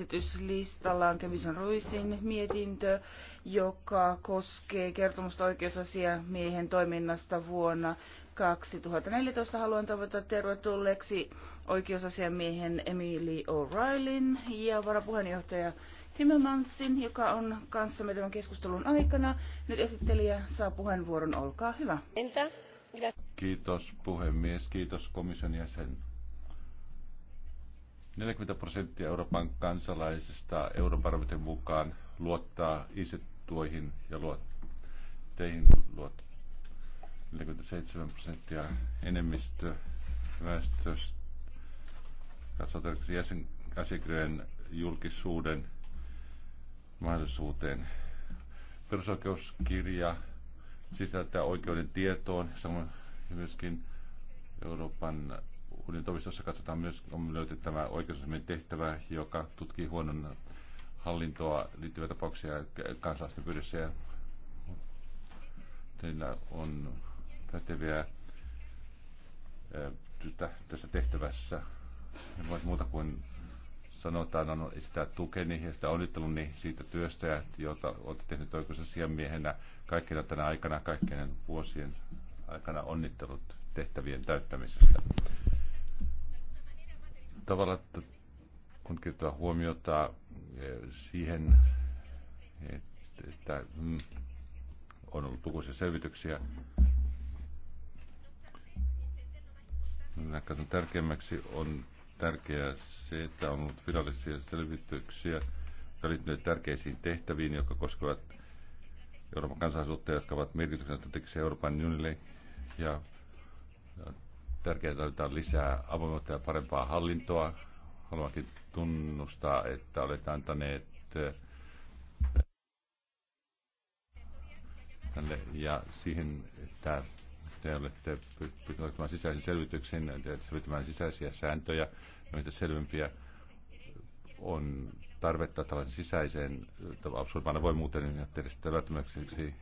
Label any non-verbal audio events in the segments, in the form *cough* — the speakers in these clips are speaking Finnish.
esityslistalla on Kevison Ruisin mietintö, joka koskee kertomusta oikeusasiamiehen toiminnasta vuonna 2014. Haluan toivottaa tervetulleeksi oikeusasiamiehen Emily O'Reillyn ja varapuheenjohtaja Timmermansin, joka on kanssamme tämän keskustelun aikana. Nyt esittelijä saa puheenvuoron, olkaa hyvä. Entä? Kiitos puhemies, kiitos komission jäsen 40 prosenttia Euroopan kansalaisista Eurobarometrin mukaan luottaa isettuoihin ja luot, teihin luot. 47 prosenttia enemmistö väestöstä katsotaan jäsen julkisuuden mahdollisuuteen. Perusoikeuskirja sisältää oikeuden tietoon, samoin myöskin Euroopan Uuden toimistossa katsotaan myös, on löytettävä oikeusasemien tehtävä, joka tutkii huonon hallintoa liittyviä tapauksia kansalaisten pyydessä. Ja teillä on päteviä tässä tehtävässä. En voi muuta kuin sanotaan, on sitä tukeni ja sitä onnitteluni siitä työstä, jota olette tehnyt oikeusasiamiehenä kaikkina tänä aikana, kaikkien vuosien aikana onnittelut tehtävien täyttämisestä tavalla, että kun kiinnittää huomiota eh, siihen, että mm, on ollut lukuisia selvityksiä, Näköisen tärkeimmäksi on tärkeää se, että on ollut virallisia selvityksiä, jotka liittyvät tärkeisiin tehtäviin, jotka koskevat Euroopan kansalaisuutta, jotka ovat merkityksellä Euroopan unionille ja tärkeää tarvita lisää avoimuutta ja parempaa hallintoa. Haluankin tunnustaa, että olet antaneet äh, tälle ja siihen, että te olette pystyneet sisäisen selvityksen, selvittämään sisäisiä sääntöjä, joita selvempiä on tarvetta tällaisen sisäiseen äh, absurdaan avoimuuteen ja niin välttämättömäksi.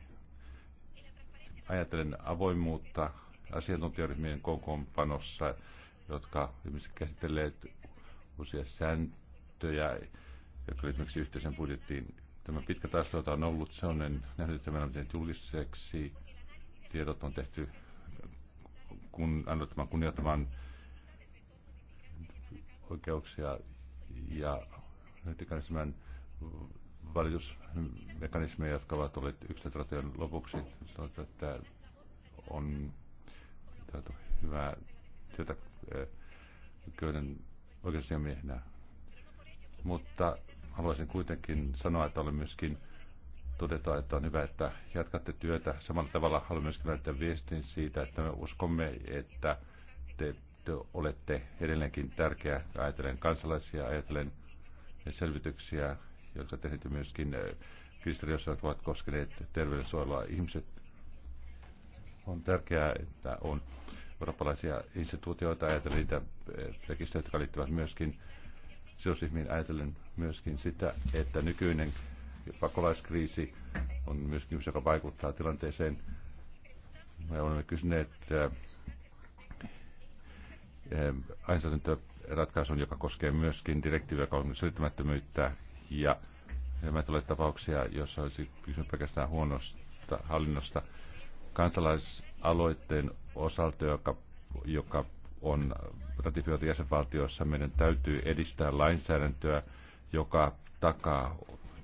Ajattelen avoimuutta, asiantuntijaryhmien kokoonpanossa, jotka ihmiset käsitelleet uusia sääntöjä, jotka esimerkiksi yhteisen budjettiin. Tämä pitkä taistelu on ollut, se on nähnyt, että meillä on tehty julkiseksi. Tiedot on tehty kun, annettavan kunnioittamaan oikeuksia ja mekanismin valitusmekanismeja, jotka ovat olleet yksilötratojen lopuksi. Sanoit, että on tehty hyvää työtä eh, köyden oikeusasiamiehenä. Mutta haluaisin kuitenkin sanoa, että olen myöskin todeta, että on hyvä, että jatkatte työtä. Samalla tavalla haluan myöskin välittää viestin siitä, että me uskomme, että te, te olette edelleenkin tärkeä, ajatellen kansalaisia, ajatellen selvityksiä, jotka tehneet myöskin eh, ministeriössä, jotka ovat koskeneet terveydensuojelua. Ihmiset on tärkeää, että on eurooppalaisia instituutioita ajatellen niitä eh, rekisteröitä, jotka liittyvät myöskin sidosryhmiin ajatellen myöskin sitä, että nykyinen pakolaiskriisi on myöskin se, joka vaikuttaa tilanteeseen. Me olemme kysyneet eh, eh, ainsäädäntöratkaisun, joka koskee myöskin direktiiviä selittämättömyyttä ja nämä tulee tapauksia, joissa olisi kysymys pelkästään huonosta hallinnosta – kansalaisaloitteen osalta, joka, joka on ratifioitu jäsenvaltioissa, meidän täytyy edistää lainsäädäntöä, joka takaa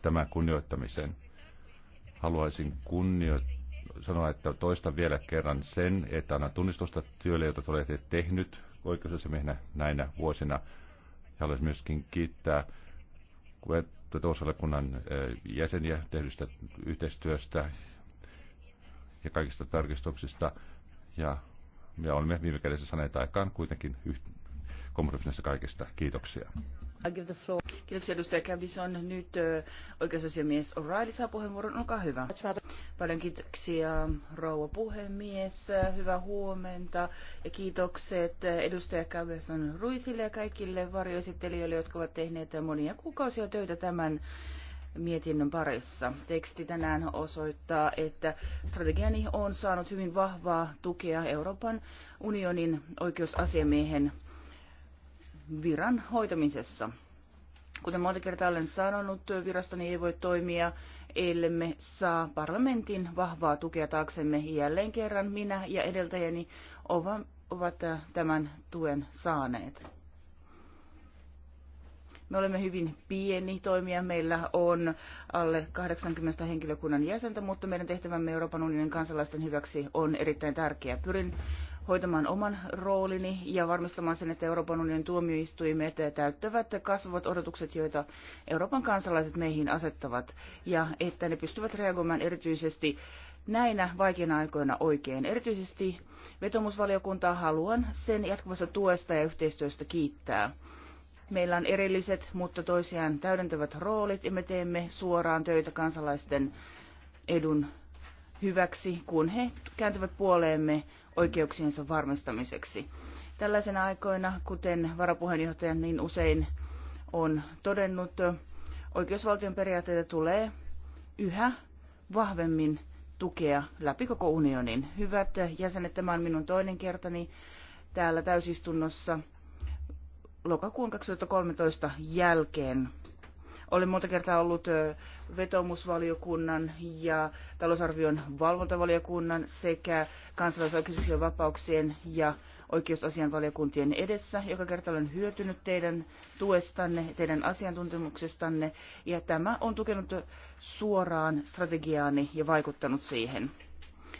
tämän kunnioittamisen. Haluaisin kunnioittaa sanoa, että toista vielä kerran sen, että annan tunnistusta työlle, jota olette tehnyt oikeusasemiehenä näinä vuosina. Ja haluaisin myöskin kiittää tuossa kunnan eh, jäseniä tehdystä yhteistyöstä ja kaikista tarkistuksista. Ja, ja olemme viime kädessä saaneet aikaan kuitenkin yht- kaikista. Kiitoksia. Kiitoksia edustaja Kävison. Nyt oikeusasiamies O'Reilly saa puheenvuoron. Olkaa hyvä. Paljon kiitoksia rouva puhemies. Hyvää huomenta ja kiitokset edustaja Kävison Ruisille ja kaikille varjoesittelijöille, jotka ovat tehneet monia kuukausia töitä tämän mietinnön parissa. Teksti tänään osoittaa, että strategiani on saanut hyvin vahvaa tukea Euroopan unionin oikeusasiamiehen viran hoitamisessa. Kuten monta kertaa olen sanonut, virastoni ei voi toimia, ellemme saa parlamentin vahvaa tukea taaksemme. Jälleen kerran minä ja edeltäjäni ovat tämän tuen saaneet. Me olemme hyvin pieni toimija, meillä on alle 80 henkilökunnan jäsentä, mutta meidän tehtävämme Euroopan unionin kansalaisten hyväksi on erittäin tärkeä. Pyrin hoitamaan oman roolini ja varmistamaan sen, että Euroopan unionin tuomioistuimet täyttävät kasvavat odotukset, joita Euroopan kansalaiset meihin asettavat, ja että ne pystyvät reagoimaan erityisesti näinä vaikeina aikoina oikein. Erityisesti vetomusvaliokuntaa haluan sen jatkuvasta tuesta ja yhteistyöstä kiittää. Meillä on erilliset, mutta toisiaan täydentävät roolit ja me teemme suoraan töitä kansalaisten edun hyväksi, kun he kääntyvät puoleemme oikeuksiensa varmistamiseksi. Tällaisena aikoina, kuten varapuheenjohtaja niin usein on todennut, oikeusvaltion periaatteita tulee yhä vahvemmin tukea läpi koko unionin. Hyvät jäsenet, tämä on minun toinen kertani täällä täysistunnossa – lokakuun 2013 jälkeen. Olen monta kertaa ollut vetomusvaliokunnan ja talousarvion valvontavaliokunnan sekä kansalaisoikeuksien vapauksien ja oikeusasianvaliokuntien edessä. Joka kerta olen hyötynyt teidän tuestanne, teidän asiantuntemuksestanne ja tämä on tukenut suoraan strategiaani ja vaikuttanut siihen.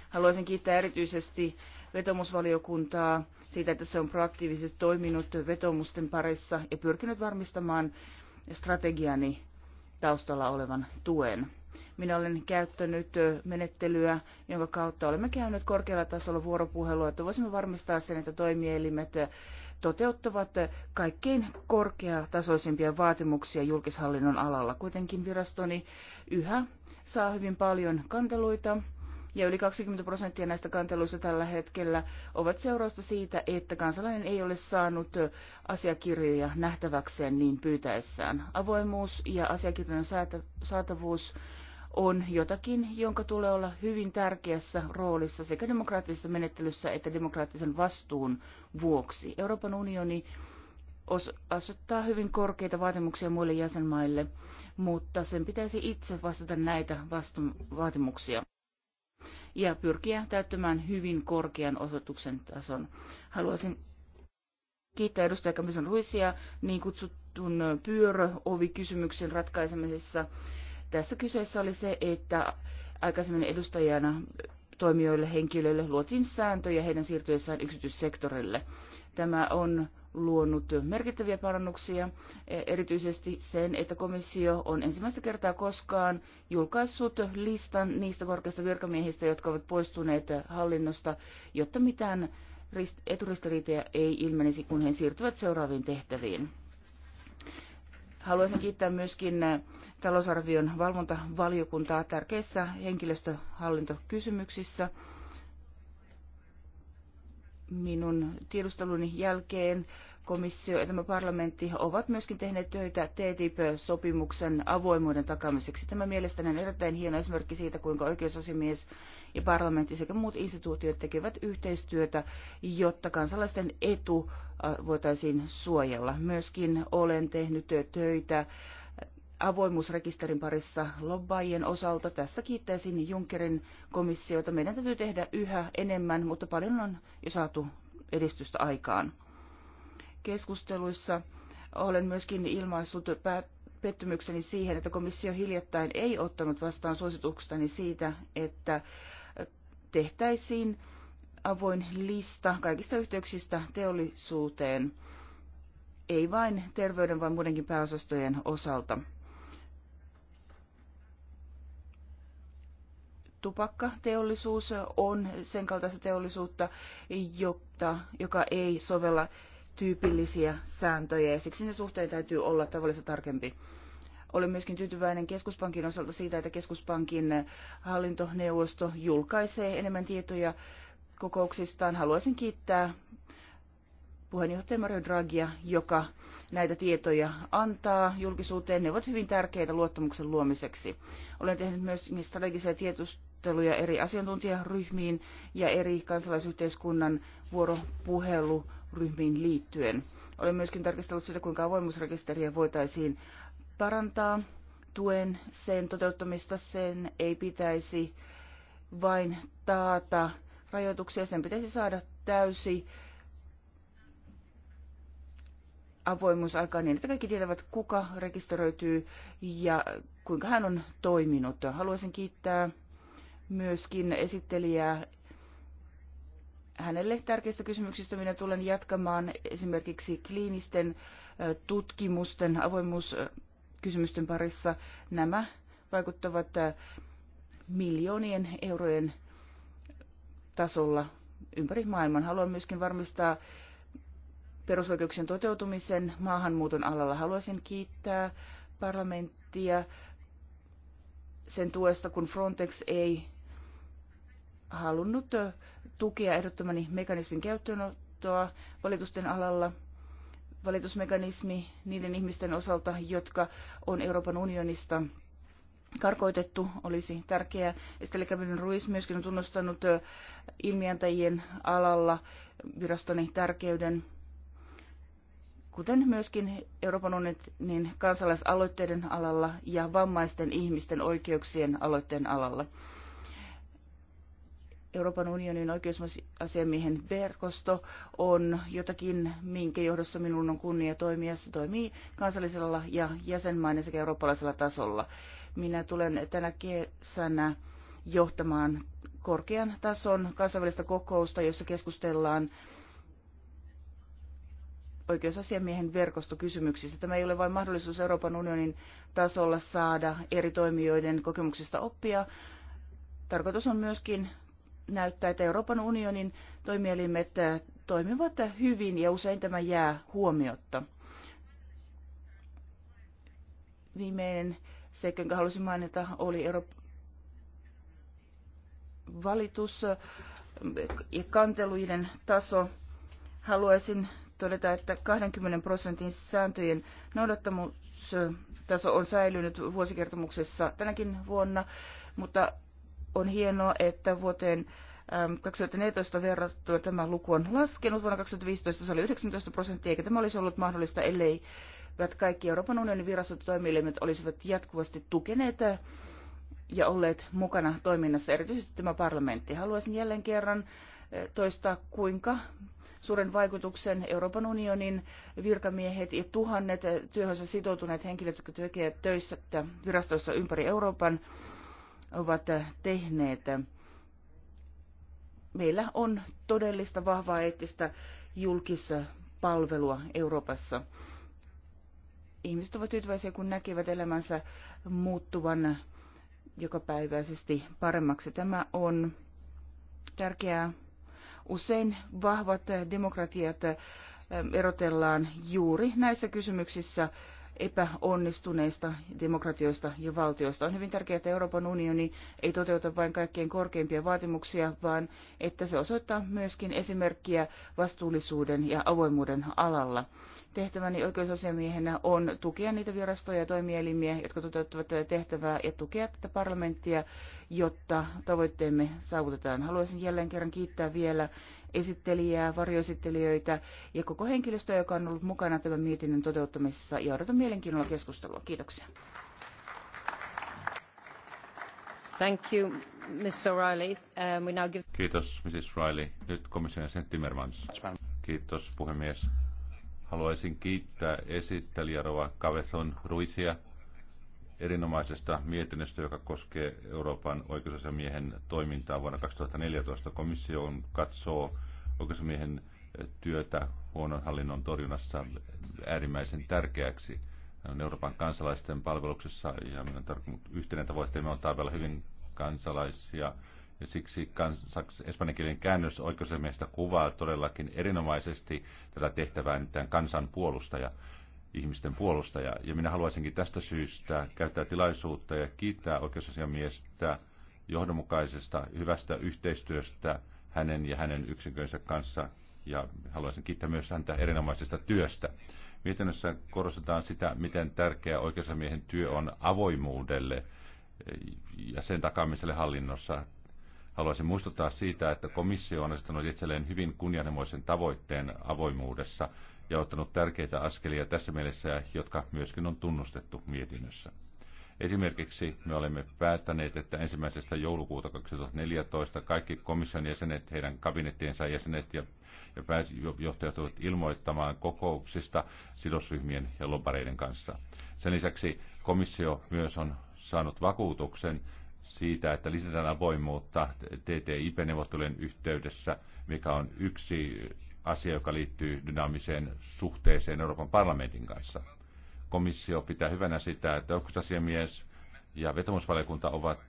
Haluaisin kiittää erityisesti vetomusvaliokuntaa siitä, että se on proaktiivisesti toiminut vetomusten parissa ja pyrkinyt varmistamaan strategiani taustalla olevan tuen. Minä olen käyttänyt menettelyä, jonka kautta olemme käyneet korkealla tasolla vuoropuhelua, että voisimme varmistaa sen, että toimielimet toteuttavat kaikkein korkeatasoisimpia vaatimuksia julkishallinnon alalla. Kuitenkin virastoni yhä saa hyvin paljon kanteluita ja yli 20 prosenttia näistä kanteluista tällä hetkellä ovat seurausta siitä, että kansalainen ei ole saanut asiakirjoja nähtäväkseen niin pyytäessään. Avoimuus ja asiakirjojen saatavuus on jotakin, jonka tulee olla hyvin tärkeässä roolissa sekä demokraattisessa menettelyssä että demokraattisen vastuun vuoksi. Euroopan unioni asettaa hyvin korkeita vaatimuksia muille jäsenmaille, mutta sen pitäisi itse vastata näitä vastu- vaatimuksia ja pyrkiä täyttämään hyvin korkean osoituksen tason. Haluaisin kiittää edustaja Kamison Ruisia niin kutsutun pyöröovikysymyksen ratkaisemisessa. Tässä kyseessä oli se, että aikaisemmin edustajana toimijoille henkilöille luotiin sääntöjä heidän siirtyessään yksityissektorille. Tämä on luonut merkittäviä parannuksia, e, erityisesti sen, että komissio on ensimmäistä kertaa koskaan julkaissut listan niistä korkeista virkamiehistä, jotka ovat poistuneet hallinnosta, jotta mitään eturistiriitejä ei ilmenisi, kun he siirtyvät seuraaviin tehtäviin. Haluaisin kiittää myöskin talousarvion valvontavaliokuntaa tärkeissä henkilöstöhallintokysymyksissä minun tiedusteluni jälkeen komissio ja tämä parlamentti ovat myöskin tehneet töitä TTIP-sopimuksen avoimuuden takaamiseksi. Tämä mielestäni on erittäin hieno esimerkki siitä, kuinka oikeusasiamies ja parlamentti sekä muut instituutiot tekevät yhteistyötä, jotta kansalaisten etu äh, voitaisiin suojella. Myöskin olen tehnyt töitä avoimuusrekisterin parissa lobbaajien osalta. Tässä kiittäisin Junckerin komissiota. Meidän täytyy tehdä yhä enemmän, mutta paljon on jo saatu edistystä aikaan. Keskusteluissa olen myöskin ilmaissut pettymykseni siihen, että komissio hiljattain ei ottanut vastaan suosituksestani siitä, että tehtäisiin avoin lista kaikista yhteyksistä teollisuuteen, ei vain terveyden vaan muidenkin pääosastojen osalta. tupakkateollisuus on sen kaltaista teollisuutta, jota, joka ei sovella tyypillisiä sääntöjä ja siksi se suhteen täytyy olla tavallista tarkempi. Olen myöskin tyytyväinen keskuspankin osalta siitä, että keskuspankin hallintoneuvosto julkaisee enemmän tietoja kokouksistaan. Haluaisin kiittää puheenjohtaja Mario Draghia, joka näitä tietoja antaa julkisuuteen. Ne ovat hyvin tärkeitä luottamuksen luomiseksi. Olen tehnyt myös strategisia tiedusteluja eri asiantuntijaryhmiin ja eri kansalaisyhteiskunnan vuoropuheluryhmiin liittyen. Olen myöskin tarkistellut sitä, kuinka avoimuusrekisteriä voitaisiin parantaa. Tuen sen toteuttamista, sen ei pitäisi vain taata rajoituksia, sen pitäisi saada täysi avoimuusaikaa niin, että kaikki tietävät, kuka rekisteröityy ja kuinka hän on toiminut. Haluaisin kiittää myöskin esittelijää hänelle tärkeistä kysymyksistä. Minä tulen jatkamaan esimerkiksi kliinisten tutkimusten avoimuuskysymysten parissa. Nämä vaikuttavat miljoonien eurojen tasolla ympäri maailman. Haluan myöskin varmistaa perusoikeuksien toteutumisen maahanmuuton alalla. Haluaisin kiittää parlamenttia sen tuesta, kun Frontex ei halunnut tukea ehdottomani mekanismin käyttöönottoa valitusten alalla. Valitusmekanismi niiden ihmisten osalta, jotka on Euroopan unionista karkoitettu, olisi tärkeää. Estelle Kävinen Ruiz myöskin on tunnustanut ilmiantajien alalla virastoni tärkeyden kuten myöskin Euroopan unionin kansalaisaloitteiden alalla ja vammaisten ihmisten oikeuksien aloitteen alalla. Euroopan unionin oikeusasiamiehen verkosto on jotakin, minkä johdossa minun on kunnia toimia. Se toimii kansallisella ja jäsenmaiden sekä eurooppalaisella tasolla. Minä tulen tänä kesänä johtamaan korkean tason kansainvälistä kokousta, jossa keskustellaan oikeusasiamiehen verkostokysymyksissä. Tämä ei ole vain mahdollisuus Euroopan unionin tasolla saada eri toimijoiden kokemuksista oppia. Tarkoitus on myöskin näyttää, että Euroopan unionin toimielimet toimivat hyvin ja usein tämä jää huomiotta. Viimeinen seikka, jonka halusin mainita, oli Euroopan valitus ja kanteluiden taso. Haluaisin todeta, että 20 prosentin sääntöjen noudattamustaso on säilynyt vuosikertomuksessa tänäkin vuonna, mutta on hienoa, että vuoteen 2014 ähm, verrattuna tämä luku on laskenut. Vuonna 2015 se oli 19 prosenttia, eikä tämä olisi ollut mahdollista, ellei kaikki Euroopan unionin virastot ja toimielimet olisivat jatkuvasti tukeneet äh, ja olleet mukana toiminnassa, erityisesti tämä parlamentti. Haluaisin jälleen kerran äh, toistaa, kuinka suuren vaikutuksen. Euroopan unionin virkamiehet ja tuhannet työhönsä sitoutuneet henkilöt, jotka tekevät töissä virastoissa ympäri Euroopan, ovat tehneet. Meillä on todellista vahvaa eettistä julkista palvelua Euroopassa. Ihmiset ovat tyytyväisiä, kun näkevät elämänsä muuttuvan jokapäiväisesti paremmaksi. Tämä on tärkeää Usein vahvat demokratiat eh, erotellaan juuri näissä kysymyksissä epäonnistuneista demokratioista ja valtioista. On hyvin tärkeää, että Euroopan unioni ei toteuta vain kaikkein korkeimpia vaatimuksia, vaan että se osoittaa myöskin esimerkkiä vastuullisuuden ja avoimuuden alalla. Tehtäväni oikeusasiamiehenä on tukea niitä virastoja ja toimielimiä, jotka toteuttavat tätä tehtävää ja tukea tätä parlamenttia, jotta tavoitteemme saavutetaan. Haluaisin jälleen kerran kiittää vielä esittelijää, varjoesittelijöitä ja koko henkilöstöä, joka on ollut mukana tämän mietinnön toteuttamisessa ja odotan mielenkiinnolla keskustelua. Kiitoksia. Thank you, Ms. O'Reilly. Um, we now give... Kiitos, Mrs. Riley. Nyt komission jäsen Timmermans. Kiitos, puhemies. Haluaisin kiittää esittelijä Rova Kaveson Ruisia erinomaisesta mietinnöstä, joka koskee Euroopan oikeusasiamiehen toimintaa vuonna 2014. Komissio katsoo oikeusasiamiehen työtä huonon hallinnon torjunnassa äärimmäisen tärkeäksi. on Euroopan kansalaisten palveluksessa ja meidän yhteinen tavoitteemme on tarvella hyvin kansalaisia ja siksi espanjankielinen käännös oikeusasiamiestä kuvaa todellakin erinomaisesti tätä tehtävää tämän kansan puolustaja, ihmisten puolustaja. Ja minä haluaisinkin tästä syystä käyttää tilaisuutta ja kiittää oikeusasiamiestä johdonmukaisesta hyvästä yhteistyöstä hänen ja hänen yksikönsä kanssa. Ja haluaisin kiittää myös häntä erinomaisesta työstä. Mietinnössä korostetaan sitä, miten tärkeä oikeusamiehen työ on avoimuudelle ja sen takaamiselle hallinnossa. Haluaisin muistuttaa siitä, että komissio on asettanut itselleen hyvin kunnianhimoisen tavoitteen avoimuudessa ja ottanut tärkeitä askelia tässä mielessä, jotka myöskin on tunnustettu mietinnössä. Esimerkiksi me olemme päättäneet, että ensimmäisestä joulukuuta 2014 kaikki komission jäsenet, heidän kabinettiensa jäsenet ja, ja pääjohtajat tulevat ilmoittamaan kokouksista sidosryhmien ja lobareiden kanssa. Sen lisäksi komissio myös on saanut vakuutuksen siitä, että lisätään avoimuutta TTIP-neuvottelujen yhteydessä, mikä on yksi asia, joka liittyy dynaamiseen suhteeseen Euroopan parlamentin kanssa. Komissio pitää hyvänä sitä, että oikeusasiamies ja vetomusvaliokunta ovat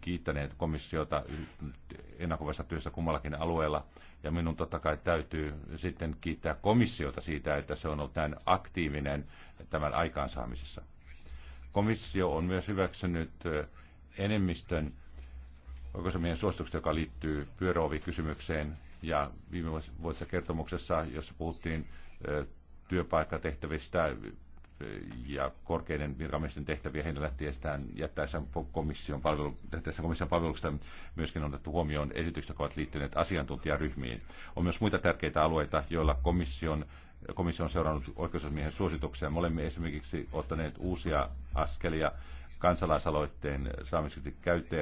kiittäneet komissiota ennakkovaisessa työssä kummallakin alueella. Ja minun totta kai täytyy sitten kiittää komissiota siitä, että se on ollut näin aktiivinen tämän aikaansaamisessa. Komissio on myös hyväksynyt enemmistön oikeusomien suosituksesta, joka liittyy pyöräovikysymykseen. Ja viime vuodessa kertomuksessa, jossa puhuttiin työpaikkatehtävistä ja korkeiden virkamiesten tehtäviä heidän lähtiessään jättäessä komission, palvelu, jättäessä komission palveluksesta myöskin on otettu huomioon esitykset, jotka ovat liittyneet asiantuntijaryhmiin. On myös muita tärkeitä alueita, joilla komission komissio on seurannut oikeusasiamiehen suosituksia. Me olemme esimerkiksi ottaneet uusia askelia kansalaisaloitteen saamiseksi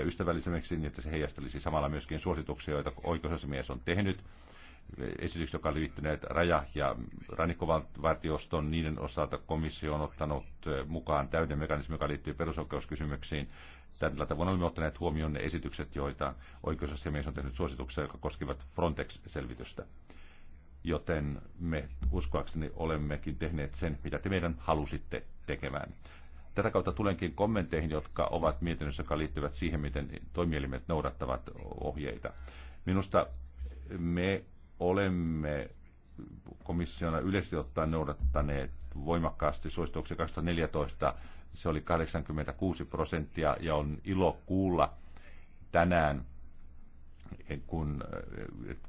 ystävällisemmäksi, niin että se heijastelisi samalla myöskin suosituksia, joita oikeusasiamies on tehnyt. Esitykset, jotka liittyneet raja- ja rannikkovartioston, niiden osalta komissio on ottanut mukaan täyden mekanismi, joka liittyy perusoikeuskysymyksiin. Tällä tavoin olemme ottaneet huomioon ne esitykset, joita oikeusasiamies on tehnyt suosituksia, jotka koskivat Frontex-selvitystä. Joten me uskoakseni olemmekin tehneet sen, mitä te meidän halusitte tekemään. Tätä kautta tulenkin kommenteihin, jotka ovat mietinnössä, jotka liittyvät siihen, miten toimielimet noudattavat ohjeita. Minusta me olemme komissiona yleisesti ottaen noudattaneet voimakkaasti suosituksia 2014. Se oli 86 prosenttia ja on ilo kuulla tänään, kun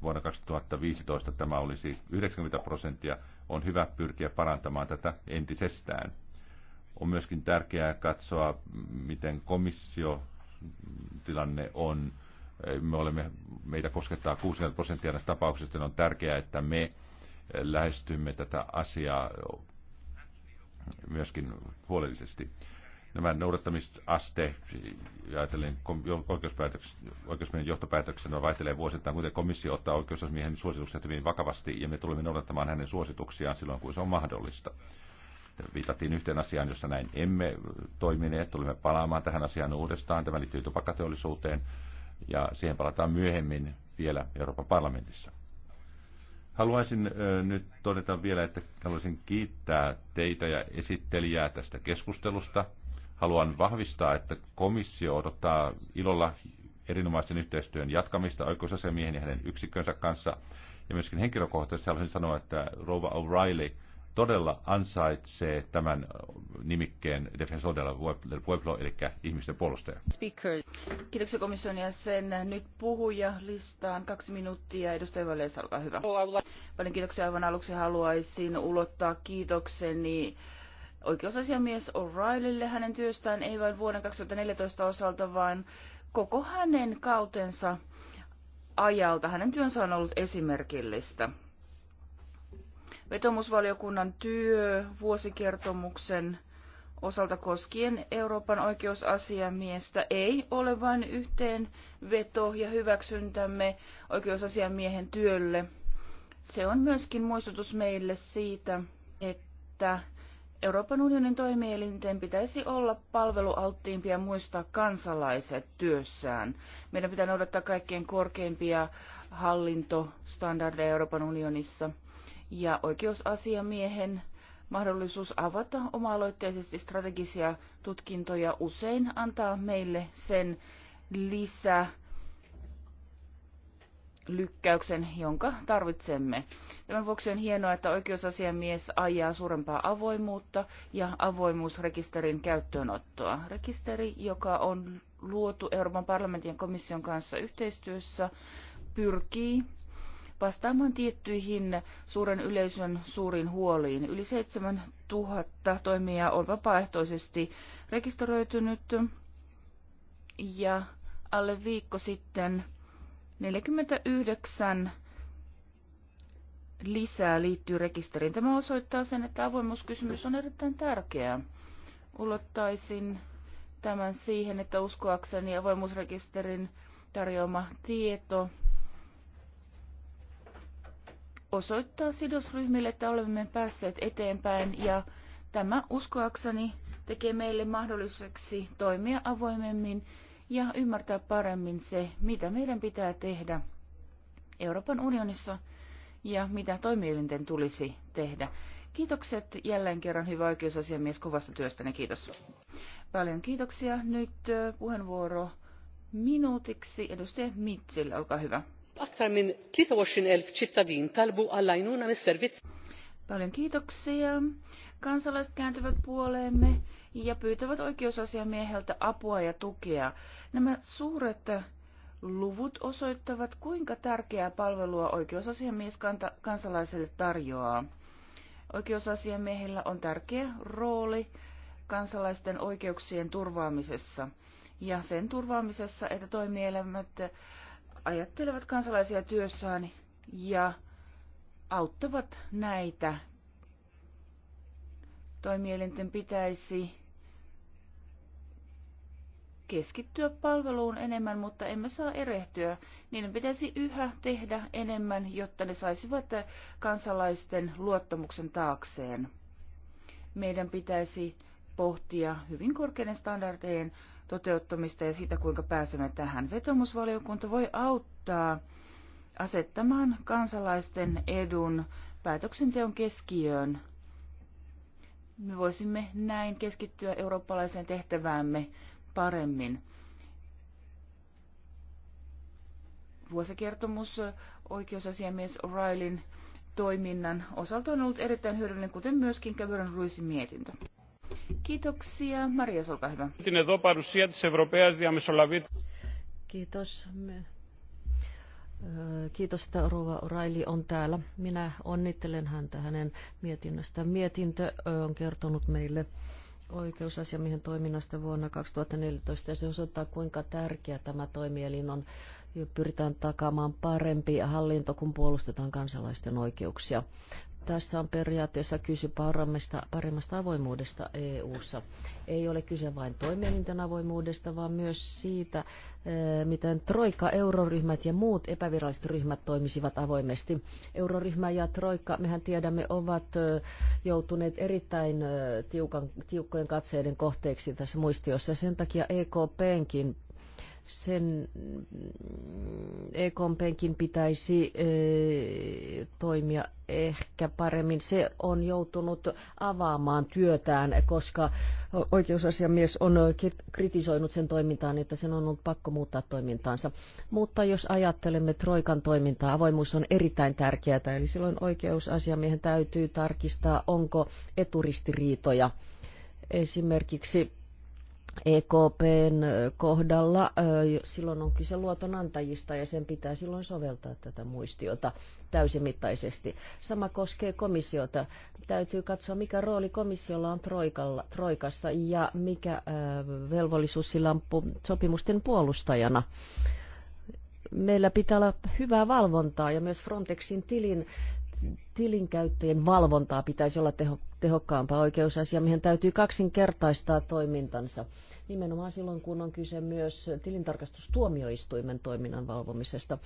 vuonna 2015 tämä olisi 90 prosenttia, on hyvä pyrkiä parantamaan tätä entisestään. On myöskin tärkeää katsoa, miten komissio tilanne on. Me olemme, meitä koskettaa 60 prosenttia näistä tapauksista, niin on tärkeää, että me lähestymme tätä asiaa myöskin huolellisesti. Nämä noudattamisaste, ajatellen johtopäätöksen, ne vaihtelee vuosittain, kuten komissio ottaa oikeusasiamiehen suositukset hyvin vakavasti, ja me tulemme noudattamaan hänen suosituksiaan silloin, kun se on mahdollista. Viitattiin yhteen asiaan, jossa näin emme toimineet. tulimme palaamaan tähän asiaan uudestaan. Tämä liittyy tupakkateollisuuteen ja siihen palataan myöhemmin vielä Euroopan parlamentissa. Haluaisin nyt todeta vielä, että haluaisin kiittää teitä ja esittelijää tästä keskustelusta. Haluan vahvistaa, että komissio odottaa ilolla erinomaisen yhteistyön jatkamista oikeusasiamiehen ja hänen yksikkönsä kanssa. Ja myöskin henkilökohtaisesti haluaisin sanoa, että Rova O'Reilly todella ansaitsee tämän nimikkeen Defensor del Pueblo, eli ihmisten puolustaja. Speaker. Kiitoksia komission jäsen. Nyt puhuja listaan kaksi minuuttia. Edustaja Valees, olkaa hyvä. Paljon kiitoksia aivan aluksi. Haluaisin ulottaa kiitokseni oikeusasiamies O'Reillylle hänen työstään, ei vain vuoden 2014 osalta, vaan koko hänen kautensa ajalta. Hänen työnsä on ollut esimerkillistä vetomusvaliokunnan työ vuosikertomuksen osalta koskien Euroopan oikeusasiamiestä ei ole vain yhteen veto ja hyväksyntämme oikeusasiamiehen työlle. Se on myöskin muistutus meille siitä, että Euroopan unionin toimielinten pitäisi olla palvelualttiimpia ja muistaa kansalaiset työssään. Meidän pitää noudattaa kaikkein korkeimpia hallintostandardeja Euroopan unionissa – ja oikeusasiamiehen mahdollisuus avata oma-aloitteisesti strategisia tutkintoja usein antaa meille sen lisää lykkäyksen, jonka tarvitsemme. Tämän vuoksi on hienoa, että oikeusasiamies ajaa suurempaa avoimuutta ja avoimuusrekisterin käyttöönottoa. Rekisteri, joka on luotu Euroopan parlamentin ja komission kanssa yhteistyössä, pyrkii vastaamaan tiettyihin suuren yleisön suuriin huoliin. Yli 7000 toimijaa on vapaaehtoisesti rekisteröitynyt ja alle viikko sitten 49 lisää liittyy rekisteriin. Tämä osoittaa sen, että avoimuuskysymys on erittäin tärkeä. Ulottaisin tämän siihen, että uskoakseni avoimuusrekisterin tarjoama tieto osoittaa sidosryhmille, että olemme päässeet eteenpäin ja tämä uskoakseni tekee meille mahdolliseksi toimia avoimemmin ja ymmärtää paremmin se, mitä meidän pitää tehdä Euroopan unionissa ja mitä toimielinten tulisi tehdä. Kiitokset jälleen kerran, hyvä oikeusasiamies, kovasta työstäni. Kiitos. Paljon kiitoksia. Nyt puheenvuoro minuutiksi. Edustaja Mitsille, olkaa hyvä aktar minn 23,000 cittadin talbu għall mis-servizz. Paljon kiitoksia. Kansalaiset kääntyvät puoleemme ja pyytävät oikeusasiamieheltä apua ja tukea. Nämä suuret luvut osoittavat, kuinka tärkeää palvelua oikeusasiamies kansalaiselle tarjoaa. Oikeusasiamiehillä on tärkeä rooli kansalaisten oikeuksien turvaamisessa ja sen turvaamisessa, että toimielimet ajattelevat kansalaisia työssään ja auttavat näitä. Toimielinten pitäisi keskittyä palveluun enemmän, mutta emme saa erehtyä. Niiden pitäisi yhä tehdä enemmän, jotta ne saisivat kansalaisten luottamuksen taakseen. Meidän pitäisi pohtia hyvin korkeiden standardeen toteuttamista ja sitä, kuinka pääsemme tähän. Vetomusvaliokunta voi auttaa asettamaan kansalaisten edun päätöksenteon keskiöön. Me voisimme näin keskittyä eurooppalaiseen tehtäväämme paremmin. Vuosikertomus oikeusasiamies O'Reillyn toiminnan osalta on ollut erittäin hyödyllinen, kuten myöskin Cameron Ruisin mietintö. Kiitoksia. Maria, olkaa hyvä. Kiitos. Kiitos, että Rova Raili on täällä. Minä onnittelen häntä hänen mietinnöstään. Mietintö on kertonut meille oikeusasiamiehen toiminnasta vuonna 2014 ja se osoittaa, kuinka tärkeä tämä toimielin on pyritään takaamaan parempi hallinto, kun puolustetaan kansalaisten oikeuksia. Tässä on periaatteessa kyse paremmasta, paremmasta avoimuudesta EU-ssa. Ei ole kyse vain toimielinten avoimuudesta, vaan myös siitä, eh, miten Troika, euroryhmät ja muut epäviralliset ryhmät toimisivat avoimesti. Euroryhmä ja Troika, mehän tiedämme, ovat eh, joutuneet erittäin eh, tiukan, tiukkojen katseiden kohteeksi tässä muistiossa. Sen takia EKPnkin sen mm, EKPnkin pitäisi e, toimia ehkä paremmin. Se on joutunut avaamaan työtään, koska oikeusasiamies on kritisoinut sen toimintaan, että sen on ollut pakko muuttaa toimintaansa. Mutta jos ajattelemme Troikan toimintaa, avoimuus on erittäin tärkeää, eli silloin oikeusasiamiehen täytyy tarkistaa, onko eturistiriitoja. Esimerkiksi EKPn kohdalla silloin on kyse luotonantajista ja sen pitää silloin soveltaa tätä muistiota täysimittaisesti. Sama koskee komissiota. Täytyy katsoa, mikä rooli komissiolla on troikalla, troikassa ja mikä velvollisuus sillä on sopimusten puolustajana. Meillä pitää olla hyvää valvontaa ja myös Frontexin tilin tilinkäyttäjien valvontaa pitäisi olla teho, tehokkaampaa. Oikeusasiamiehen täytyy kaksinkertaistaa toimintansa, nimenomaan silloin, kun on kyse myös tilintarkastustuomioistuimen toiminnan valvomisesta.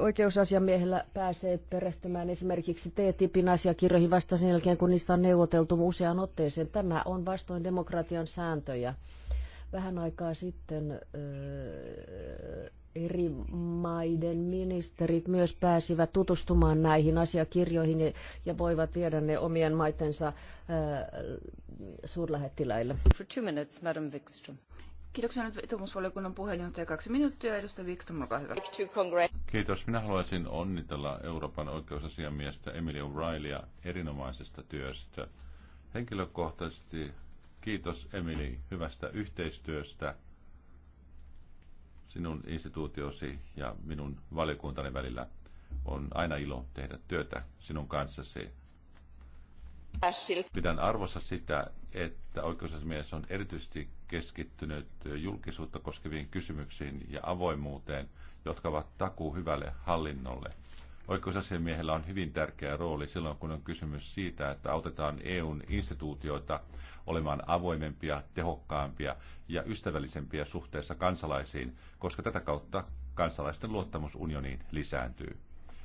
Oikeusasiamiehellä pääsee perehtymään esimerkiksi TTIPin asiakirjoihin vasta sen jälkeen, kun niistä on neuvoteltu useaan otteeseen. Tämä on vastoin demokratian sääntöjä. Vähän aikaa sitten eri maiden ministerit myös pääsivät tutustumaan näihin asiakirjoihin ja voivat viedä ne omien maitensa äh, suurlähettiläille. For two minutes, Madam Wikström. Kiitoksia nyt etumusvaliokunnan puheenjohtaja. Kaksi minuuttia. Edustaja Wikström, olkaa hyvä. Kiitos. Minä haluaisin onnitella Euroopan oikeusasiamiestä Emily O'Reillya erinomaisesta työstä. Henkilökohtaisesti kiitos Emily hyvästä yhteistyöstä – sinun instituutiosi ja minun valiokuntani välillä on aina ilo tehdä työtä sinun kanssasi. Pidän arvossa sitä, että oikeusasiamies on erityisesti keskittynyt julkisuutta koskeviin kysymyksiin ja avoimuuteen, jotka ovat takuu hyvälle hallinnolle. Oikeusasiamiehellä on hyvin tärkeä rooli silloin, kun on kysymys siitä, että autetaan EUn instituutioita olemaan avoimempia, tehokkaampia ja ystävällisempiä suhteessa kansalaisiin, koska tätä kautta kansalaisten luottamus unioniin lisääntyy.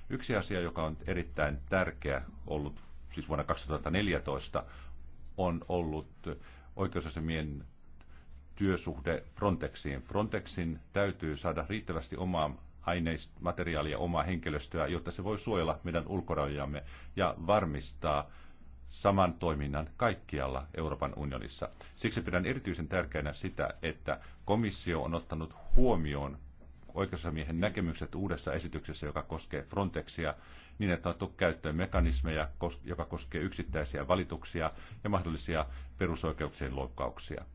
Yksi asia, joka on erittäin tärkeä ollut siis vuonna 2014, on ollut oikeusasemien työsuhde Frontexiin. Frontexin täytyy saada riittävästi omaa aineista, materiaalia, omaa henkilöstöä, jotta se voi suojella meidän ulkorajojamme ja varmistaa saman toiminnan kaikkialla Euroopan unionissa. Siksi pidän erityisen tärkeänä sitä, että komissio on ottanut huomioon oikeusasiamiehen näkemykset uudessa esityksessä, joka koskee Frontexia, niin että on otettu käyttöön mekanismeja, joka koskee yksittäisiä valituksia ja mahdollisia perusoikeuksien loukkauksia.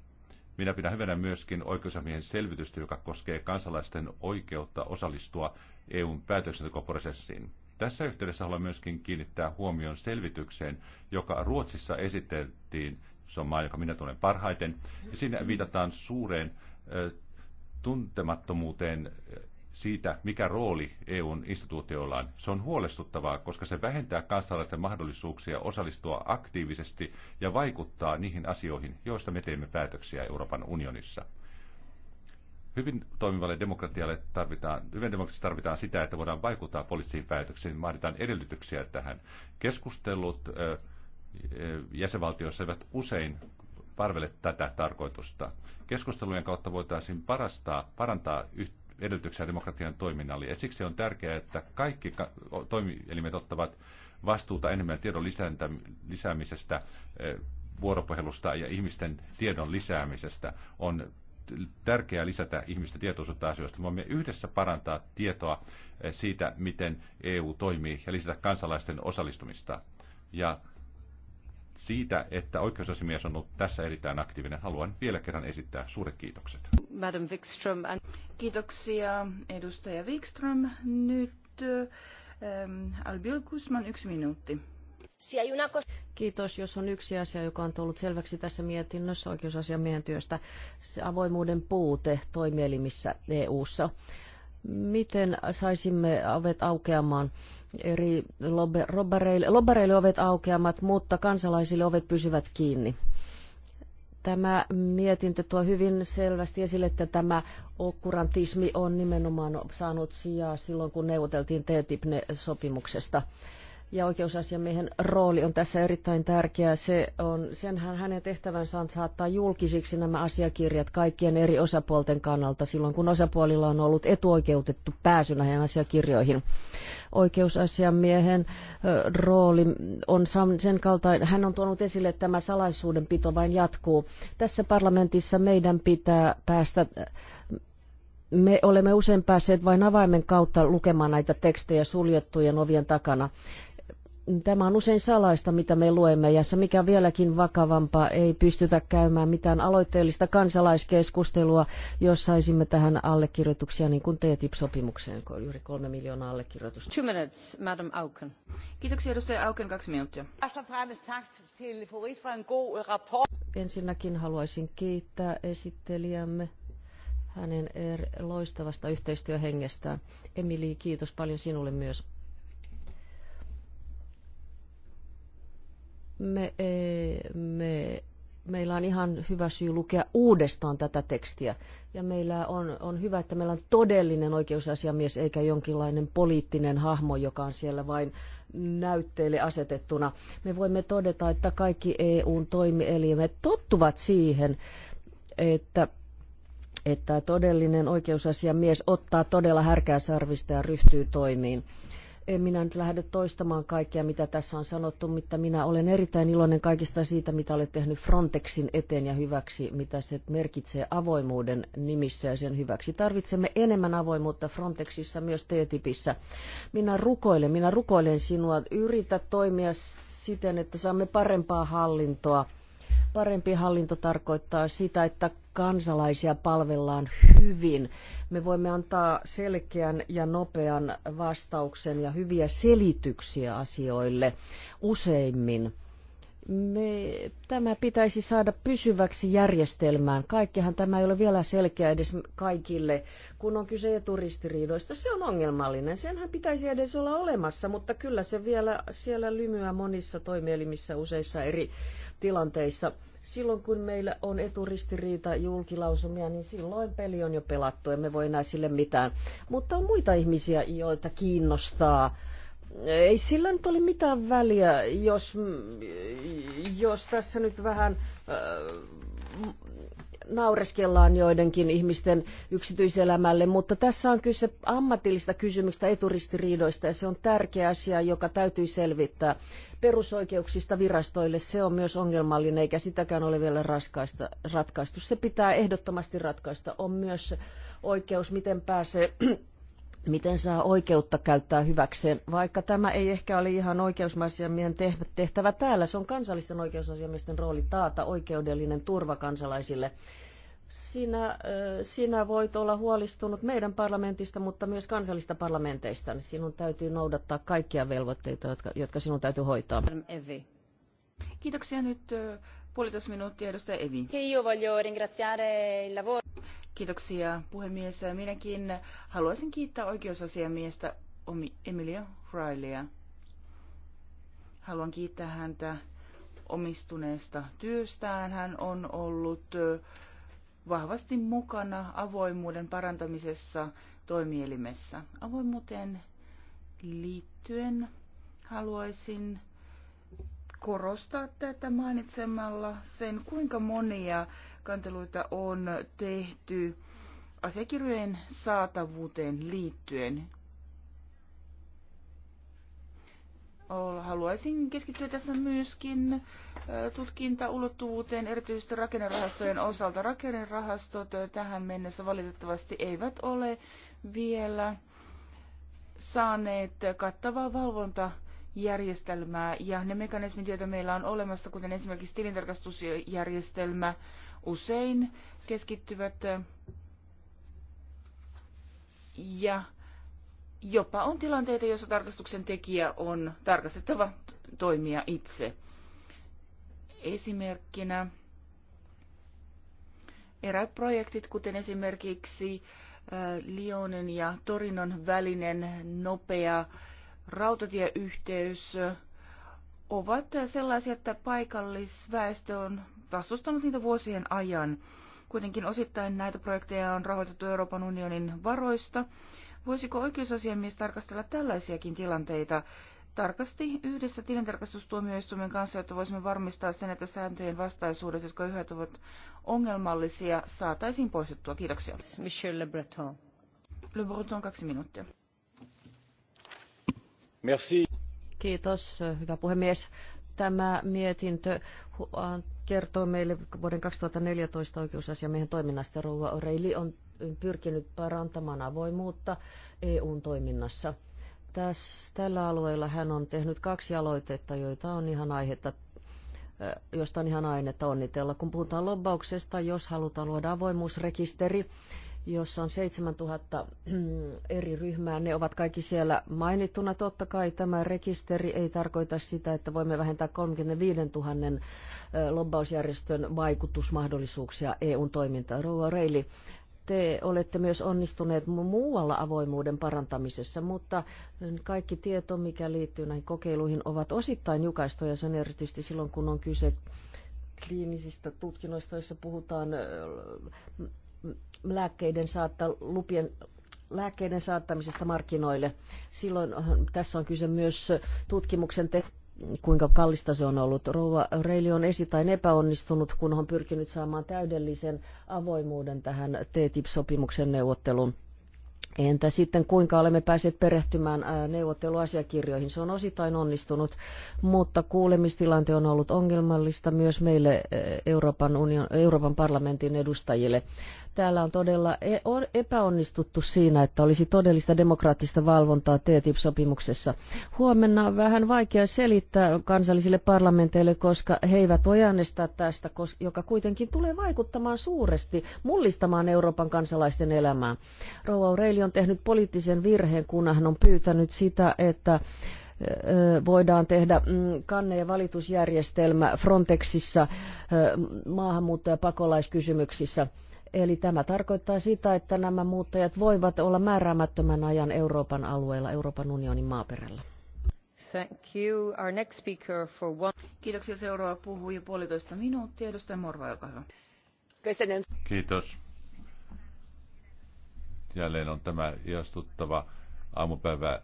Minä pidän hyvänä myöskin oikeusasiamiehen selvitystä, joka koskee kansalaisten oikeutta osallistua EUn päätöksentekoprosessiin. Tässä yhteydessä haluan myöskin kiinnittää huomion selvitykseen, joka Ruotsissa esiteltiin. Se on maa, joka minä tunnen parhaiten. Ja siinä viitataan suureen tuntemattomuuteen siitä, mikä rooli EUn instituutioilla on. Se on huolestuttavaa, koska se vähentää kansalaisten mahdollisuuksia osallistua aktiivisesti ja vaikuttaa niihin asioihin, joista me teemme päätöksiä Euroopan unionissa. Hyvin toimivalle demokratialle tarvitaan, hyvin demokratiassa tarvitaan sitä, että voidaan vaikuttaa poliittisiin päätöksiin, mahditaan edellytyksiä tähän. Keskustelut jäsenvaltioissa eivät usein parvele tätä tarkoitusta. Keskustelujen kautta voitaisiin parastaa, parantaa edellytyksiä demokratian toiminnalle, ja siksi on tärkeää, että kaikki toimielimet ottavat vastuuta enemmän tiedon lisäämisestä, vuoropuhelusta ja ihmisten tiedon lisäämisestä. On tärkeää lisätä ihmisten tietoisuutta asioista. voimme yhdessä parantaa tietoa eh, siitä, miten EU toimii ja lisätä kansalaisten osallistumista. Ja siitä, että oikeusasimies on ollut tässä erittäin aktiivinen, haluan vielä kerran esittää suuret kiitokset. Madam Wikström. Kiitoksia edustaja Wikström. Nyt ähm, Albiol Kusman yksi minuutti. Kiitos, jos on yksi asia, joka on tullut selväksi tässä mietinnössä oikeusasiamiehen työstä, se avoimuuden puute toimielimissä EU-ssa miten saisimme ovet aukeamaan eri lobbareille, lobbareille ovet aukeamat, mutta kansalaisille ovet pysyvät kiinni. Tämä mietintö tuo hyvin selvästi esille, että tämä okkurantismi on nimenomaan saanut sijaa silloin, kun neuvoteltiin TTIP-sopimuksesta ja oikeusasiamiehen rooli on tässä erittäin tärkeä. Se on, senhän hänen tehtävänsä on saattaa julkisiksi nämä asiakirjat kaikkien eri osapuolten kannalta silloin, kun osapuolilla on ollut etuoikeutettu pääsy näihin asiakirjoihin. Oikeusasiamiehen rooli on sen kaltainen, hän on tuonut esille, että tämä salaisuudenpito vain jatkuu. Tässä parlamentissa meidän pitää päästä me olemme usein päässeet vain avaimen kautta lukemaan näitä tekstejä suljettujen ovien takana. Tämä on usein salaista, mitä me luemme, ja se mikä vieläkin vakavampaa, ei pystytä käymään mitään aloitteellista kansalaiskeskustelua, jos saisimme tähän allekirjoituksia, niin kuin TTIP-sopimukseen, kun juuri kolme miljoonaa allekirjoitusta. Two minutes, Madam Auken. Kiitoksia, edustaja Auken, kaksi minuuttia. Ensinnäkin haluaisin kiittää esittelijämme hänen er-, loistavasta yhteistyöhengestään. Emili, kiitos paljon sinulle myös. me, e, me, meillä on ihan hyvä syy lukea uudestaan tätä tekstiä. Ja meillä on, on hyvä, että meillä on todellinen oikeusasiamies eikä jonkinlainen poliittinen hahmo, joka on siellä vain näytteille asetettuna. Me voimme todeta, että kaikki EUn toimielimet tottuvat siihen, että että todellinen oikeusasiamies ottaa todella härkää sarvista ja ryhtyy toimiin. En minä nyt lähde toistamaan kaikkea, mitä tässä on sanottu, mutta minä olen erittäin iloinen kaikista siitä, mitä olet tehnyt Frontexin eteen ja hyväksi, mitä se merkitsee avoimuuden nimissä ja sen hyväksi. Tarvitsemme enemmän avoimuutta Frontexissa, myös TTIPissä. Minä rukoilen, minä rukoilen sinua, yritä toimia siten, että saamme parempaa hallintoa Parempi hallinto tarkoittaa sitä, että kansalaisia palvellaan hyvin. Me voimme antaa selkeän ja nopean vastauksen ja hyviä selityksiä asioille useimmin. Me, tämä pitäisi saada pysyväksi järjestelmään. Kaikkihan tämä ei ole vielä selkeä edes kaikille, kun on kyse turistiriidoista. Se on ongelmallinen. Senhän pitäisi edes olla olemassa, mutta kyllä se vielä siellä lymyä monissa toimielimissä useissa eri tilanteissa. Silloin kun meillä on eturistiriita julkilausumia, niin silloin peli on jo pelattu, emme voi enää sille mitään. Mutta on muita ihmisiä, joita kiinnostaa ei sillä nyt ole mitään väliä, jos, jos tässä nyt vähän äh, naureskellaan joidenkin ihmisten yksityiselämälle, mutta tässä on kyse ammatillista kysymystä eturistiriidoista ja se on tärkeä asia, joka täytyy selvittää perusoikeuksista virastoille, se on myös ongelmallinen, eikä sitäkään ole vielä raskaista, ratkaistu. Se pitää ehdottomasti ratkaista. On myös oikeus, miten pääsee *clears throat* miten saa oikeutta käyttää hyväkseen, vaikka tämä ei ehkä ole ihan oikeusasiamiehen tehtävä täällä. Se on kansallisten oikeusasiamiesten rooli taata oikeudellinen turva kansalaisille. Sinä, sinä voit olla huolestunut meidän parlamentista, mutta myös kansallista parlamenteista. Sinun täytyy noudattaa kaikkia velvoitteita, jotka, jotka sinun täytyy hoitaa. Kiitoksia nyt puolitoista minuuttia edustaja Evi. Kiitoksia puhemies. Minäkin haluaisin kiittää oikeusasiamiestä Emilio Railia. Haluan kiittää häntä omistuneesta työstään. Hän on ollut vahvasti mukana avoimuuden parantamisessa toimielimessä. Avoimuuteen liittyen haluaisin korostaa tätä mainitsemalla sen, kuinka monia kanteluita on tehty asiakirjojen saatavuuteen liittyen. Haluaisin keskittyä tässä myöskin tutkintaulottuvuuteen, erityisesti rakennerahastojen osalta. Rakennerahastot tähän mennessä valitettavasti eivät ole vielä saaneet kattavaa valvontajärjestelmää ja ne mekanismit, joita meillä on olemassa, kuten esimerkiksi tilintarkastusjärjestelmä, usein keskittyvät ja jopa on tilanteita, joissa tarkastuksen tekijä on tarkastettava toimia itse. Esimerkkinä eräät projektit, kuten esimerkiksi Lyonin ja Torinon välinen nopea rautatieyhteys, ovat sellaisia, että paikallisväestö on vastustanut niitä vuosien ajan. Kuitenkin osittain näitä projekteja on rahoitettu Euroopan unionin varoista Voisiko oikeusasiamies tarkastella tällaisiakin tilanteita tarkasti yhdessä tilintarkastustuomioistuimen kanssa, jotta voisimme varmistaa sen, että sääntöjen vastaisuudet, jotka yhä ovat ongelmallisia, saataisiin poistettua? Kiitoksia. Monsieur Le Breton. Le Breton, kaksi minuuttia. Merci. Kiitos, hyvä puhemies. Tämä mietintö kertoo meille vuoden 2014 oikeusasiamiehen toiminnasta. Rouva Oreili on pyrkinyt parantamaan avoimuutta EUn toiminnassa. Tässä tällä alueella hän on tehnyt kaksi aloitetta, joita on ihan aihetta äh, josta on ihan ainetta onnitella. Kun puhutaan lobbauksesta, jos halutaan luoda avoimuusrekisteri, jossa on 7000 *clears throat* eri ryhmää. Ne ovat kaikki siellä mainittuna. Totta kai tämä rekisteri ei tarkoita sitä, että voimme vähentää 35 000 äh, lobbausjärjestön vaikutusmahdollisuuksia EUn toimintaan. Rouva Reili, te olette myös onnistuneet muualla avoimuuden parantamisessa, mutta kaikki tieto, mikä liittyy näihin kokeiluihin, ovat osittain jukaistoja. on erityisesti silloin, kun on kyse kliinisistä tutkinnoista, joissa puhutaan lääkkeiden saatta, lupien lääkkeiden saattamisesta markkinoille. Silloin tässä on kyse myös tutkimuksen te- kuinka kallista se on ollut. Rouva Reili on esitain epäonnistunut, kun on pyrkinyt saamaan täydellisen avoimuuden tähän TTIP-sopimuksen neuvotteluun. Entä sitten kuinka olemme päässeet perehtymään neuvotteluasiakirjoihin? Se on osittain onnistunut, mutta kuulemistilante on ollut ongelmallista myös meille Euroopan, union, Euroopan parlamentin edustajille. Täällä on todella e- epäonnistuttu siinä, että olisi todellista demokraattista valvontaa TTIP-sopimuksessa. Huomenna on vähän vaikea selittää kansallisille parlamenteille, koska he eivät voi äänestää tästä, joka kuitenkin tulee vaikuttamaan suuresti, mullistamaan Euroopan kansalaisten elämää. Rouva Aureli on tehnyt poliittisen virheen, kun hän on pyytänyt sitä, että voidaan tehdä mm, kanne- ja valitusjärjestelmä Frontexissa maahanmuutto- ja pakolaiskysymyksissä – Eli tämä tarkoittaa sitä, että nämä muuttajat voivat olla määräämättömän ajan Euroopan alueella, Euroopan unionin maaperällä. Thank you. Our next speaker for one... Kiitoksia. Seuraava puhuja puolitoista minuuttia. Edustaja Morva, olkaa hyvä. Kiitos. Jälleen on tämä iastuttava aamupäivä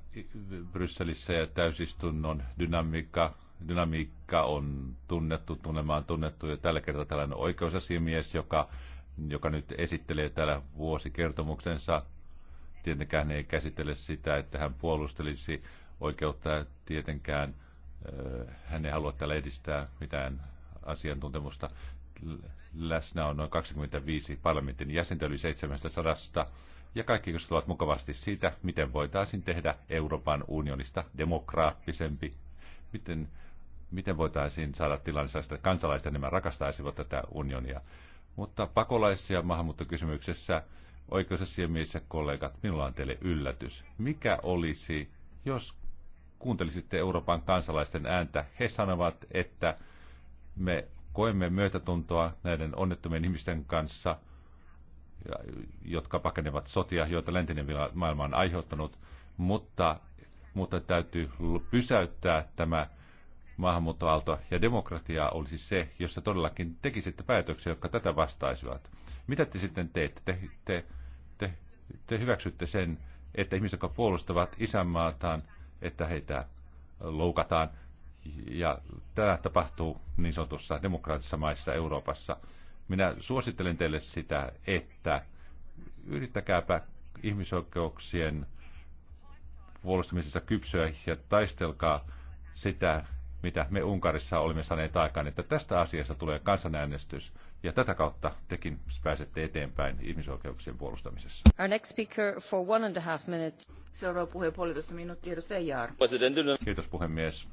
Brysselissä ja täysistunnon dynamiikka. Dynamiikka on tunnettu, tunnemaan tunnettu ja tällä kertaa tällainen oikeusasiamies, joka joka nyt esittelee täällä vuosikertomuksensa. Tietenkään ei käsittele sitä, että hän puolustelisi oikeutta. Tietenkään äh, hän ei halua täällä edistää mitään asiantuntemusta. Läsnä on noin 25 parlamentin jäsentä yli 700 ja kaikki kysyvät mukavasti siitä, miten voitaisiin tehdä Euroopan unionista demokraattisempi, miten, miten voitaisiin saada tilanne että kansalaiset enemmän rakastaisivat tätä unionia. Mutta pakolaisia maahanmuuttokysymyksessä oikeusasiamies ja kollegat, minulla on teille yllätys. Mikä olisi, jos kuuntelisitte Euroopan kansalaisten ääntä? He sanovat, että me koemme myötätuntoa näiden onnettomien ihmisten kanssa, jotka pakenevat sotia, joita läntinen maailma on aiheuttanut, mutta, mutta täytyy pysäyttää tämä maahanmuuttoaalto ja demokratia olisi se, jossa todellakin tekisitte päätöksiä, jotka tätä vastaisivat. Mitä te sitten teette? Te, te, te, te hyväksytte sen, että ihmiset, jotka puolustavat isänmaataan, että heitä loukataan. Ja tämä tapahtuu niin sanotussa demokraattisissa maissa Euroopassa. Minä suosittelen teille sitä, että yrittäkääpä ihmisoikeuksien puolustamisessa kypsyä ja taistelkaa sitä, mitä me Unkarissa olimme saaneet aikaan, että tästä asiasta tulee kansanäänestys ja tätä kautta tekin pääsette eteenpäin ihmisoikeuksien puolustamisessa. Our next speaker for one and a half minutes. Seuraava puhe puolitoista minuuttia, edustaja Jaar. Kiitos puhemies.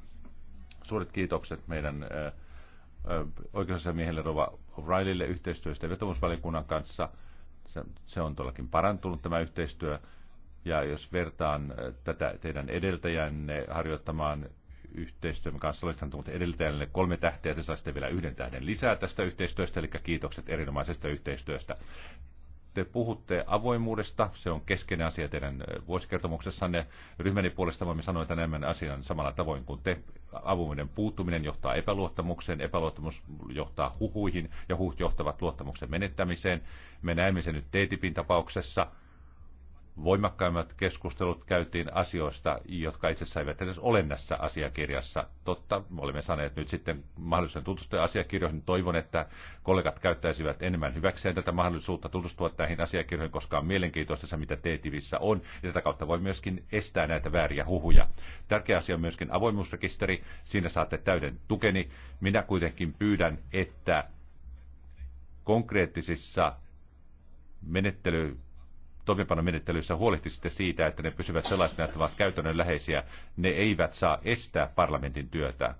Suuret kiitokset meidän oikeusasiamiehelle Rova O'Reillylle yhteistyöstä vetomusvalikunnan kanssa. Se, se on todellakin parantunut tämä yhteistyö. Ja jos vertaan tätä teidän edeltäjänne harjoittamaan yhteistyömme kanssa olet antanut edeltäjälle kolme tähteä, te saisitte vielä yhden tähden lisää tästä yhteistyöstä, eli kiitokset erinomaisesta yhteistyöstä. Te puhutte avoimuudesta, se on keskeinen asia teidän vuosikertomuksessanne. Ryhmäni puolesta voimme sanoa tämän asian samalla tavoin kuin te. Avoimuuden puuttuminen johtaa epäluottamukseen, epäluottamus johtaa huhuihin ja huut johtavat luottamuksen menettämiseen. Me näemme sen nyt TTIPin tapauksessa – voimakkaimmat keskustelut käytiin asioista, jotka itse asiassa eivät edes ole tässä asiakirjassa. Totta, me olemme saaneet nyt sitten mahdollisuuden tutustua asiakirjoihin. Niin toivon, että kollegat käyttäisivät enemmän hyväkseen tätä mahdollisuutta tutustua näihin asiakirjoihin, koska on mielenkiintoista se, mitä teetivissä on. Ja tätä kautta voi myöskin estää näitä vääriä huhuja. Tärkeä asia on myöskin avoimuusrekisteri. Siinä saatte täyden tukeni. Minä kuitenkin pyydän, että konkreettisissa menettely toimeenpanomenettelyissä huolehtisitte siitä, että ne pysyvät sellaisena, että ovat läheisiä. Ne eivät saa estää parlamentin työtä.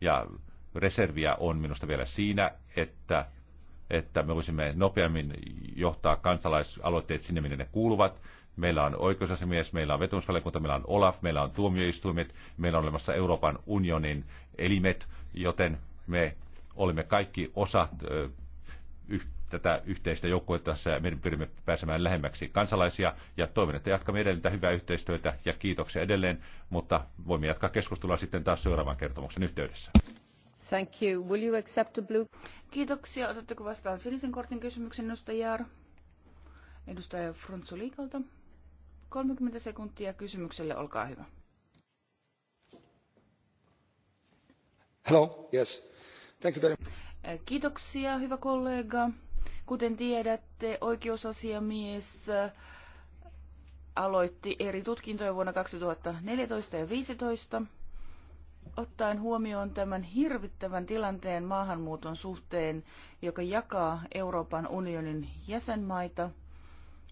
Ja reserviä on minusta vielä siinä, että, että me voisimme nopeammin johtaa kansalaisaloitteet sinne, minne ne kuuluvat. Meillä on oikeusasiamies, meillä on vetumusvaliokunta, meillä on OLAF, meillä on tuomioistuimet, meillä on olemassa Euroopan unionin elimet, joten me olemme kaikki osa tätä yhteistä joukkuetta tässä me pyrimme pääsemään lähemmäksi kansalaisia ja toivon, että jatkamme edelleen tätä hyvää yhteistyötä ja kiitoksia edelleen, mutta voimme jatkaa keskustelua sitten taas seuraavan kertomuksen yhteydessä. Thank you. Will you accept a blue... Kiitoksia. Otatteko vastaan sinisen kortin kysymyksen edustaja Jaar? Edustaja Frontsuliikalta. 30 sekuntia kysymykselle, olkaa hyvä. Hello, yes. Thank you very much. Kiitoksia, hyvä kollega. Kuten tiedätte, oikeusasiamies äh, aloitti eri tutkintoja vuonna 2014 ja 2015, ottaen huomioon tämän hirvittävän tilanteen maahanmuuton suhteen, joka jakaa Euroopan unionin jäsenmaita.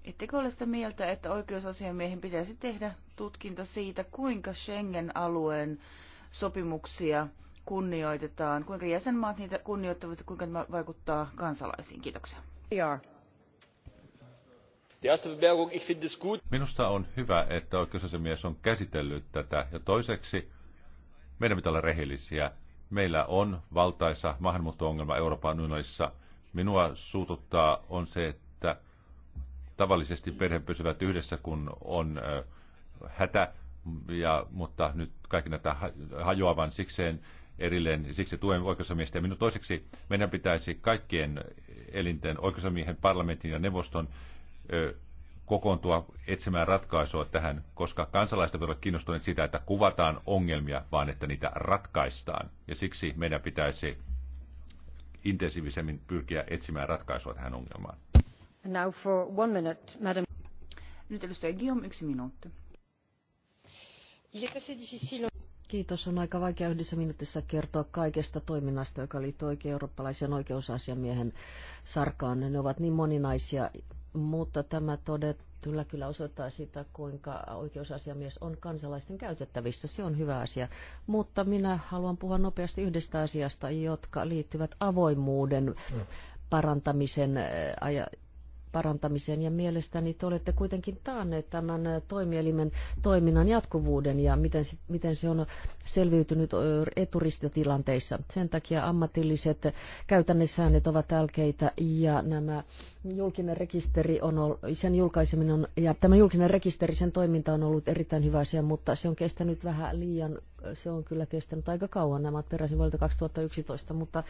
Ettekö ole sitä mieltä, että oikeusasiamiehen pitäisi tehdä tutkinta siitä, kuinka Schengen-alueen sopimuksia – kunnioitetaan, kuinka jäsenmaat niitä kunnioittavat ja kuinka tämä vaikuttaa kansalaisiin. Kiitoksia. Minusta on hyvä, että oikeusasiamies on käsitellyt tätä. Ja toiseksi, meidän pitää olla rehellisiä. Meillä on valtaisa maahanmuutto-ongelma Euroopan unionissa. Minua suututtaa on se, että tavallisesti perhe pysyvät yhdessä, kun on hätä, ja, mutta nyt kaikki näitä hajoavan sikseen erilleen. Niin siksi tuen oikeusamiestä. Ja minun toiseksi meidän pitäisi kaikkien elinten, oikeusamiehen, parlamentin ja neuvoston ö, kokoontua etsimään ratkaisua tähän, koska kansalaiset ovat olla kiinnostuneet sitä, että kuvataan ongelmia, vaan että niitä ratkaistaan. Ja siksi meidän pitäisi intensiivisemmin pyrkiä etsimään ratkaisua tähän ongelmaan. Now for one minute, madam. Nyt edustaja Guillaume, yksi minuutti. Kiitos. On aika vaikea yhdessä minuutissa kertoa kaikesta toiminnasta, joka liittyy oikein eurooppalaisen oikeusasiamiehen sarkaan. Ne ovat niin moninaisia, mutta tämä todet, kyllä kyllä osoittaa sitä, kuinka oikeusasiamies on kansalaisten käytettävissä. Se on hyvä asia. Mutta minä haluan puhua nopeasti yhdestä asiasta, jotka liittyvät avoimuuden mm. parantamisen parantamiseen ja mielestäni te olette kuitenkin taanneet tämän toimielimen toiminnan jatkuvuuden ja miten, miten se on selviytynyt eturistitilanteissa. Sen takia ammatilliset käytännössäännöt ovat tärkeitä ja nämä julkinen rekisteri on, sen julkaiseminen on, ja tämä julkinen rekisteri, sen toiminta on ollut erittäin hyvä asia, mutta se on kestänyt vähän liian, se on kyllä kestänyt aika kauan, nämä peräisin vuodelta 2011, mutta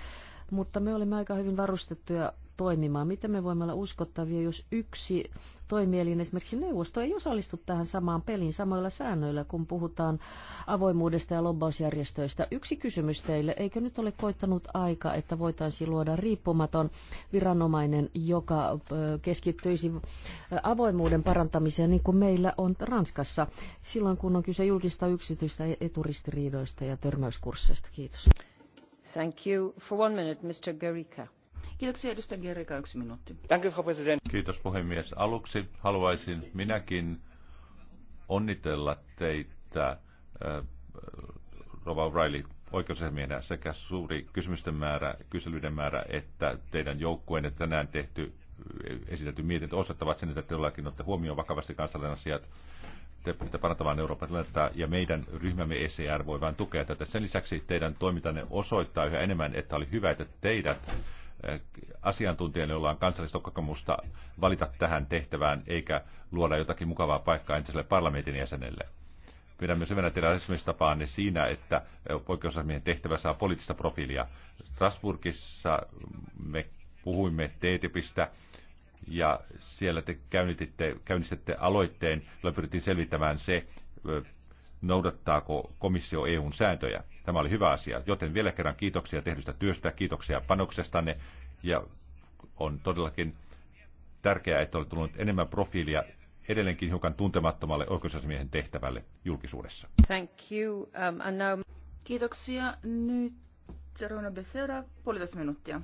mutta me olemme aika hyvin varustettuja toimimaan. Miten me voimme olla uskottavia, jos yksi toimielin, esimerkiksi neuvosto, ei osallistu tähän samaan peliin samoilla säännöillä, kun puhutaan avoimuudesta ja lobbausjärjestöistä? Yksi kysymys teille. Eikö nyt ole koittanut aika, että voitaisiin luoda riippumaton viranomainen, joka keskittyisi avoimuuden parantamiseen, niin kuin meillä on Ranskassa, silloin kun on kyse julkista yksityistä e-, eturistiriidoista ja törmäyskursseista? Kiitos arvoisa Kiitos puhemies. Aluksi haluaisin minäkin onnitella teitä, äh, rouva O'Reilly, oikeusasiamiehenä sekä suuri kysymysten määrä, kyselyiden määrä, että teidän joukkueenne tänään tehty esitetty mietintö osoittavat sen, että todellakin olette huomioon vakavasti kansallinen asiat te pyritte Euroopan tilannetta ja meidän ryhmämme ECR voi vain tukea tätä. Sen lisäksi teidän toimintanne osoittaa yhä enemmän, että oli hyvä, että teidät eh, asiantuntijan jolla on kansallista kokemusta valita tähän tehtävään, eikä luoda jotakin mukavaa paikkaa entiselle parlamentin jäsenelle. Pidän myös hyvänä teidän esimerkiksi siinä, että poikkeusasemien eh, tehtävä saa poliittista profiilia. Strasburgissa me puhuimme TTIPistä ja siellä te käynnistitte, aloitteen, jolla pyrittiin selvittämään se, noudattaako komissio EUn sääntöjä. Tämä oli hyvä asia, joten vielä kerran kiitoksia tehdystä työstä, kiitoksia panoksestanne ja on todellakin tärkeää, että olet tullut enemmän profiilia edelleenkin hiukan tuntemattomalle oikeusasiamiehen tehtävälle julkisuudessa. Thank you. Um, and now... Kiitoksia. Nyt Jarona Becerra, puolitoista minuuttia.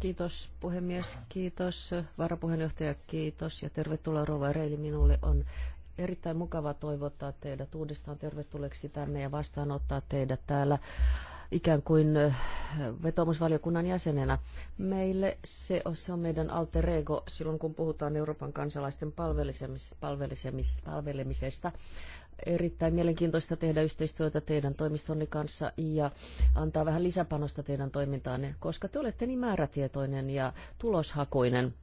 Kiitos puhemies, kiitos varapuheenjohtaja, kiitos ja tervetuloa Rova Reili. Minulle on erittäin mukava toivottaa teidät uudestaan tervetulleeksi tänne ja vastaanottaa teidät täällä ikään kuin eh, vetomusvaliokunnan jäsenenä. Meille se on, se on meidän alter ego silloin, kun puhutaan Euroopan kansalaisten palvelisemis, palvelisemis, palvelemisesta erittäin mielenkiintoista tehdä yhteistyötä teidän toimistonne kanssa ja antaa vähän lisäpanosta teidän toimintaanne, koska te olette niin määrätietoinen ja tuloshakoinen.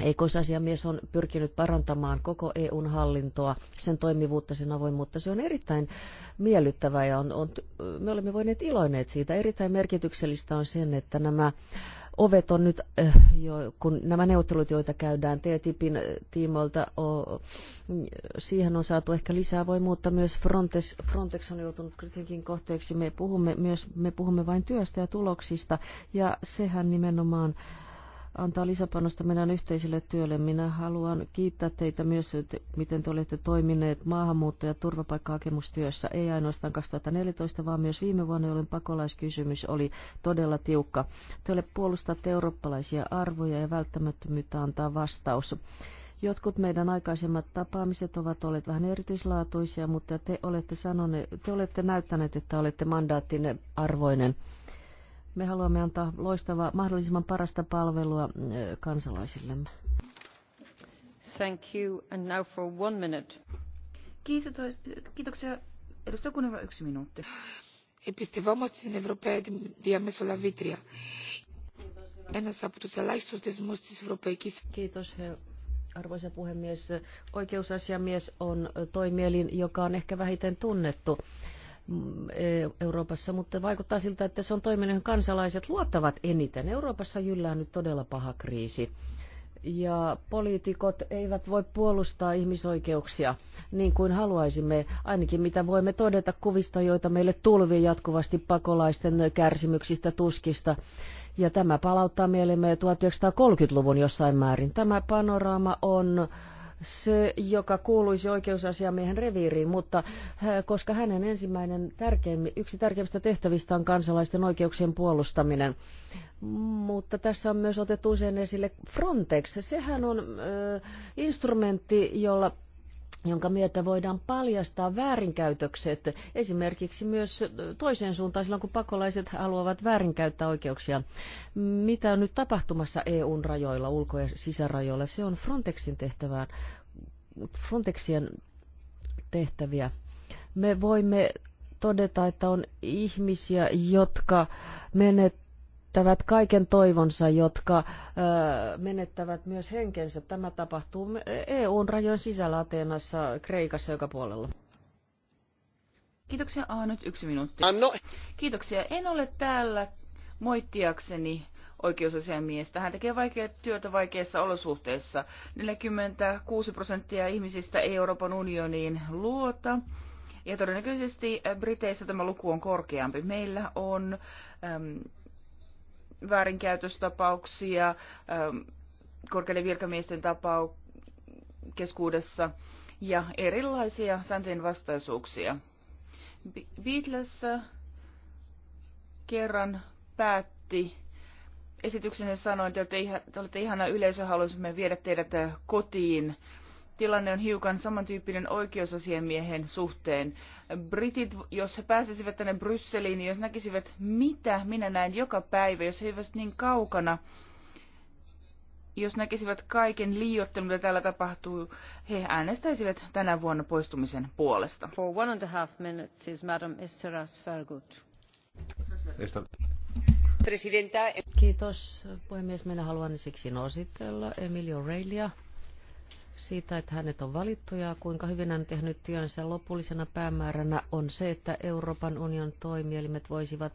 Eikoisasiamies on pyrkinyt parantamaan koko EUn hallintoa, sen toimivuutta, sen avoimuutta. Se on erittäin miellyttävää ja on, on, me olemme voineet iloineet siitä. Erittäin merkityksellistä on sen, että nämä äh, ovet on nyt, eh, jo, kun nämä neuvottelut, joita käydään TTIPin eh, tiimoilta, siihen on saatu ehkä lisää voi mutta myös Frontex, Frontex on joutunut kritiikin kohteeksi. Me puhumme, myös, me puhumme vain työstä ja tuloksista, ja sehän nimenomaan äh, antaa lisäpanosta meidän yhteiselle työlle. Minä haluan kiittää teitä myös, että miten te olette toimineet maahanmuutto- ja turvapaikkahakemustyössä, ei ainoastaan 2014, vaan myös viime vuonna, jolloin pakolaiskysymys oli todella tiukka. Teille puolustatte eurooppalaisia arvoja ja välttämättömyyttä antaa vastaus. Jotkut meidän aikaisemmat tapaamiset ovat olleet vähän erityislaatuisia, mutta te olette, sanoneet, te olette näyttäneet, että olette mandaattinen arvoinen. Me haluamme antaa loistavaa, mahdollisimman parasta palvelua eh, kansalaisillemme. Thank you, and now for one minute. Kiitoksia. Edustaja Kuneva, yksi minuutti. Επιστευόμαστε στην Ευρωπαία διαμεσολαβήτρια. Ένας από τους ελάχιστους θεσμούς της Ευρωπαϊκής... Kiitos, arvoisa puhemies. Oikeusasiamies on toimielin, joka on ehkä vähiten tunnettu. Mm, e, Euroopassa, mutta vaikuttaa siltä, että se on toiminut, johon kansalaiset luottavat eniten. Euroopassa jyllää nyt todella paha kriisi ja poliitikot eivät voi puolustaa ihmisoikeuksia niin kuin haluaisimme, ainakin mitä voimme todeta kuvista, joita meille tulvii jatkuvasti pakolaisten kärsimyksistä, tuskista. Ja tämä palauttaa mielemme 1930-luvun jossain määrin. Tämä panoraama on se, joka kuuluisi oikeusasiamiehen reviiriin, mutta äh, koska hänen ensimmäinen tärkeimmi, yksi tärkeimmistä tehtävistä on kansalaisten oikeuksien puolustaminen. Mutta tässä on myös otettu usein esille Frontex. Sehän on ö, äh, instrumentti, jolla jonka myötä voidaan paljastaa väärinkäytökset esimerkiksi myös toiseen suuntaan silloin, kun pakolaiset haluavat väärinkäyttää oikeuksia. Mitä on nyt tapahtumassa EUn rajoilla, ulko- ja sisärajoilla? Se on Frontexin tehtävää. Frontexien tehtäviä. Me voimme todeta, että on ihmisiä, jotka menet, menettävät kaiken toivonsa, jotka menettävät myös henkensä. Tämä tapahtuu EUn e rajojen sisällä Ateenassa, Kreikassa joka puolella. Kiitoksia. Ah, nyt yksi minuutti. Kiitoksia. En ole täällä moittiakseni oikeusasiamiestä. Hän tekee vaikeaa työtä vaikeissa olosuhteissa. 46 prosenttia ihmisistä ei Euroopan unioniin luota. Ja todennäköisesti Briteissä tämä luku on korkeampi. Meillä on äm, väärinkäytöstapauksia ähm, korkeiden virkamiesten tapaukeskuudessa keskuudessa ja erilaisia sääntöjen vastaisuuksia. Beatles äh, kerran päätti esityksensä sanoin, että te olette ihana yleisö, haluaisimme viedä teidät äh, kotiin tilanne on hiukan samantyyppinen oikeusasiamiehen suhteen. Britit, jos he pääsisivät tänne Brysseliin, niin jos näkisivät, mitä minä näen joka päivä, jos he eivät niin kaukana, jos näkisivät kaiken liiottelun, mitä täällä tapahtuu, he äänestäisivät tänä vuonna poistumisen puolesta. For one and a half minutes is Madam Kiitos puhemies. Minä haluan siksi nositella Emilio Reilia siitä, että hänet on valittu ja kuinka hyvin hän on tehnyt työnsä. Lopullisena päämääränä on se, että Euroopan union toimielimet voisivat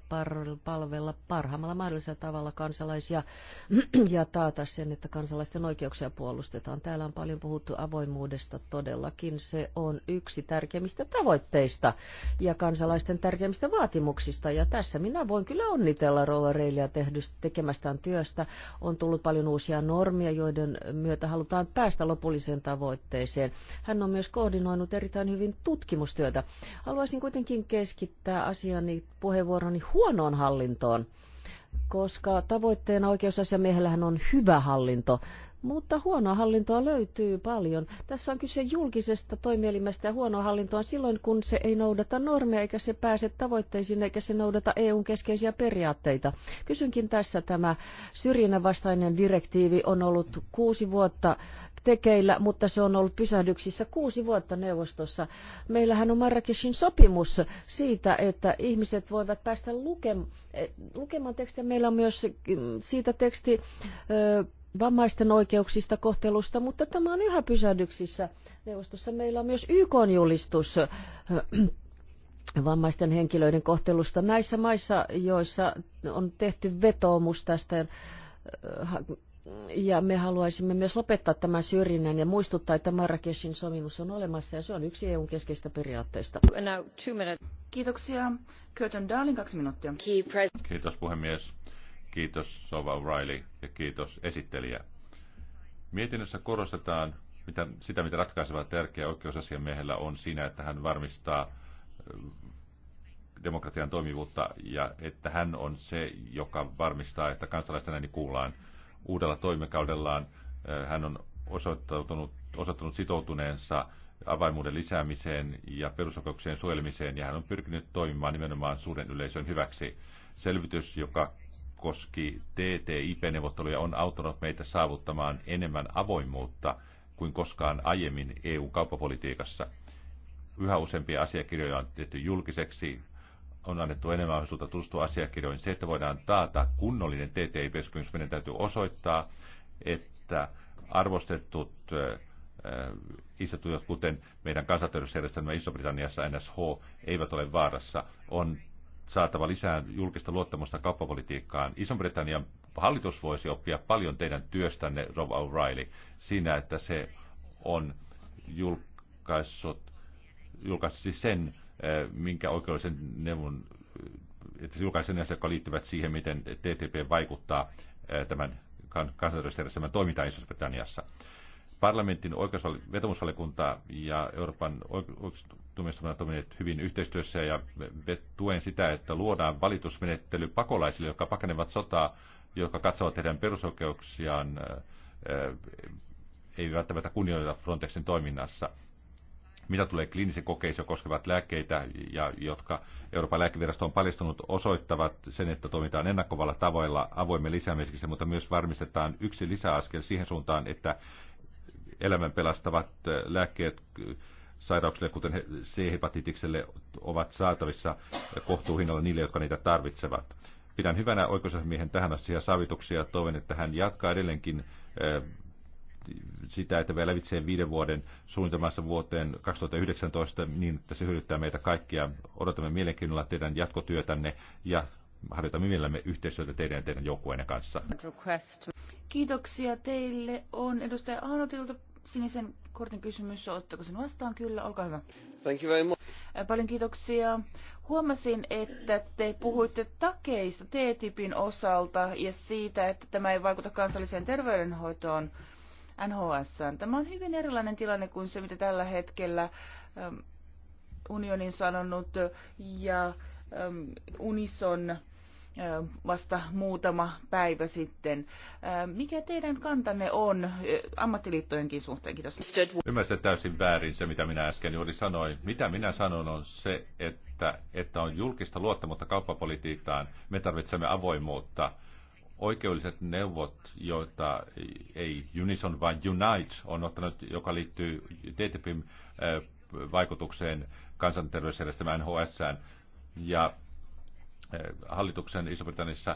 palvella parhaimmalla mahdollisella tavalla kansalaisia *clears throat* ja taata sen, että kansalaisten oikeuksia puolustetaan. Täällä on paljon puhuttu avoimuudesta todellakin. Se on yksi tärkeimmistä tavoitteista ja kansalaisten tärkeimmistä vaatimuksista. Ja tässä minä voin kyllä onnitella Rova Reilia tekemästään työstä. On tullut paljon uusia normia, joiden myötä halutaan päästä lopullisesti poliittiseen tavoitteeseen. Hän on myös koordinoinut erittäin hyvin tutkimustyötä. Haluaisin kuitenkin keskittää asiani puheenvuoroni huonoon hallintoon, koska tavoitteena oikeusasiamiehellähän on hyvä hallinto, mutta huonoa hallintoa löytyy paljon. Tässä on kyse julkisesta toimielimestä ja huonoa hallintoa silloin, kun se ei noudata normeja, eikä se pääse tavoitteisiin, eikä se noudata EUn keskeisiä periaatteita. Kysynkin tässä, tämä syrjinnän vastainen direktiivi on ollut kuusi vuotta tekeillä, mutta se on ollut pysähdyksissä kuusi vuotta neuvostossa. Meillähän on Marrakeshin sopimus siitä, että ihmiset voivat päästä lukem- eh, lukemaan tekstiä. Meillä on myös mm, siitä teksti vammaisten oikeuksista, kohtelusta, mutta tämä on yhä pysähdyksissä neuvostossa. Meillä on myös YK-julistus *clears throat* vammaisten henkilöiden kohtelusta näissä maissa, joissa on tehty vetoomus tästä ja me haluaisimme myös lopettaa tämän syrjinnän ja muistuttaa, että Marrakeshin sovinnus on olemassa ja se on yksi EUn keskeistä periaatteista. Kiitoksia. Curtin Darling, kaksi minuuttia. Kiitos puhemies. Kiitos Sova O'Reilly ja kiitos esittelijä. Mietinnössä korostetaan mitä, sitä, mitä ratkaisevaa tärkeä oikeusasiamiehellä on siinä, että hän varmistaa äh, demokratian toimivuutta ja että hän on se, joka varmistaa, että kansalaisten ääni kuullaan – uudella toimikaudellaan. Äh, hän on osoittanut, osoittanut sitoutuneensa avaimuuden lisäämiseen ja perusoikeuksien suojelemiseen, ja hän on pyrkinyt toimimaan nimenomaan suuren yleisön hyväksi. Selvitys, joka koski TTIP-neuvotteluja, on auttanut meitä saavuttamaan enemmän avoimuutta kuin koskaan aiemmin EU-kauppapolitiikassa. Yhä useampia asiakirjoja on tehty julkiseksi, on annettu enemmän mahdollisuutta tutustua asiakirjoihin. Se, että voidaan taata kunnollinen TTIP-sopimus, meidän täytyy osoittaa, että arvostetut istutujat, kuten meidän kansanterveysjärjestelmä Iso-Britanniassa NSH, eivät ole vaarassa. On saatava lisää julkista luottamusta kauppapolitiikkaan. Iso-Britannian hallitus voisi oppia paljon teidän työstänne, Rob O'Reilly, siinä, että se on julkaissut, julkaissut sen Äh, minkä oikeudellisen neuvon, äh, että julkaisen näistä, jotka liittyvät siihen, miten TTP vaikuttaa äh, tämän kansanterveysjärjestelmän toimintaan Iso-Britanniassa. Parlamentin vetomusvalikunta ja Euroopan oikeustuomioistuimen ovat toimineet hyvin yhteistyössä ja tuen sitä, että luodaan valitusmenettely pakolaisille, jotka pakenevat sotaa, jotka katsovat heidän perusoikeuksiaan ei välttämättä kunnioita Frontexin toiminnassa mitä tulee kliinisen kokeisiin, koskevat lääkkeitä ja jotka Euroopan lääkevirasto on paljastunut, osoittavat sen, että toimitaan ennakkovalla tavoilla avoimen lisäämiseksi, mutta myös varmistetaan yksi lisäaskel siihen suuntaan, että elämän pelastavat äh, lääkkeet äh, sairauksille, kuten C-hepatitikselle, ovat saatavissa kohtuuhinnalla niille, jotka niitä tarvitsevat. Pidän hyvänä oikeusasiamiehen tähän asiaan saavituksia ja toivon, että hän jatkaa edelleenkin äh, sitä, että vielä lävitsee viiden vuoden suunnitelmassa vuoteen 2019 niin, että se hyödyttää meitä kaikkia. Odotamme mielenkiinnolla teidän jatkotyötänne ja harjoitamme mielellämme yhteistyötä teidän ja teidän joukkueenne kanssa. Kiitoksia teille. On edustaja Ahnotilta sinisen kortin kysymys. Ottako sen vastaan? Kyllä, olkaa hyvä. Thank you very much. Paljon kiitoksia. Huomasin, että te puhuitte takeista T-tipin osalta ja siitä, että tämä ei vaikuta kansalliseen terveydenhoitoon. NHS. Tämä on hyvin erilainen tilanne kuin se, mitä tällä hetkellä ähm, unionin sanonut ja ähm, Unison ähm, vasta muutama päivä sitten. Mikä teidän kantanne on äh, ammattiliittojenkin suhteen? Kiitos. Ymmärsin täysin väärin se, mitä minä äsken juuri sanoin. Mitä minä sanon on se, että, että on julkista luottamusta kauppapolitiikkaan. Me tarvitsemme avoimuutta oikeudelliset neuvot, joita ei Unison, vaan Unite on ottanut, joka liittyy TTIPin eh, vaikutukseen kansanterveysjärjestelmään NHSään. Ja eh, hallituksen Iso-Britanniassa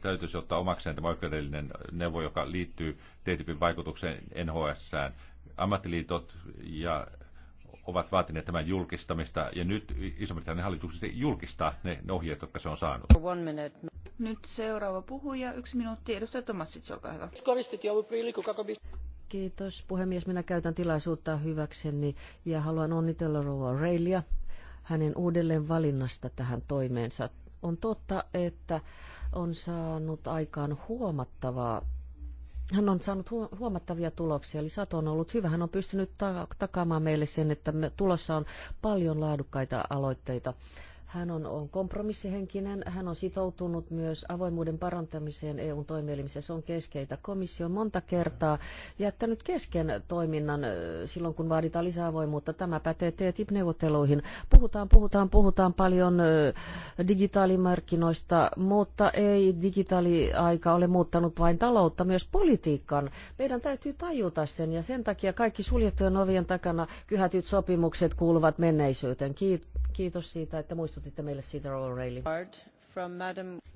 täytyisi ottaa omakseen tämä oikeudellinen neuvo, joka liittyy TTIPin vaikutukseen NHS. Ammattiliitot ja ovat vaatineet tämän julkistamista, ja nyt Iso-Britannian hallitus julkistaa ne ohjeet, jotka se on saanut. Nyt seuraava puhuja, yksi minuutti, edustaja Tomasic, olkaa hyvä. Kiitos puhemies, minä käytän tilaisuutta hyväkseni ja haluan onnitella Rouva Reilia hänen uudelleen valinnasta tähän toimeensa. On totta, että on saanut aikaan huomattavaa hän on saanut huomattavia tuloksia, eli sato on ollut hyvä. Hän on pystynyt takaamaan meille sen, että me, tulossa on paljon laadukkaita aloitteita hän on, on kompromissihenkinen, hän on sitoutunut myös avoimuuden parantamiseen EUn toimielimissä. Se on keskeitä. Komissio on monta kertaa jättänyt kesken toiminnan silloin, kun vaaditaan lisää avoimuutta. Tämä pätee TTIP-neuvotteluihin. Puhutaan, puhutaan, puhutaan paljon digitaalimarkkinoista, mutta ei digitaaliaika ole muuttanut vain taloutta, myös politiikan. Meidän täytyy tajuta sen ja sen takia kaikki suljettujen ovien takana kyhätyt sopimukset kuuluvat menneisyyteen. Kiitos Kiitos siitä, että muistutitte meille siitä, Roll O'Reilly.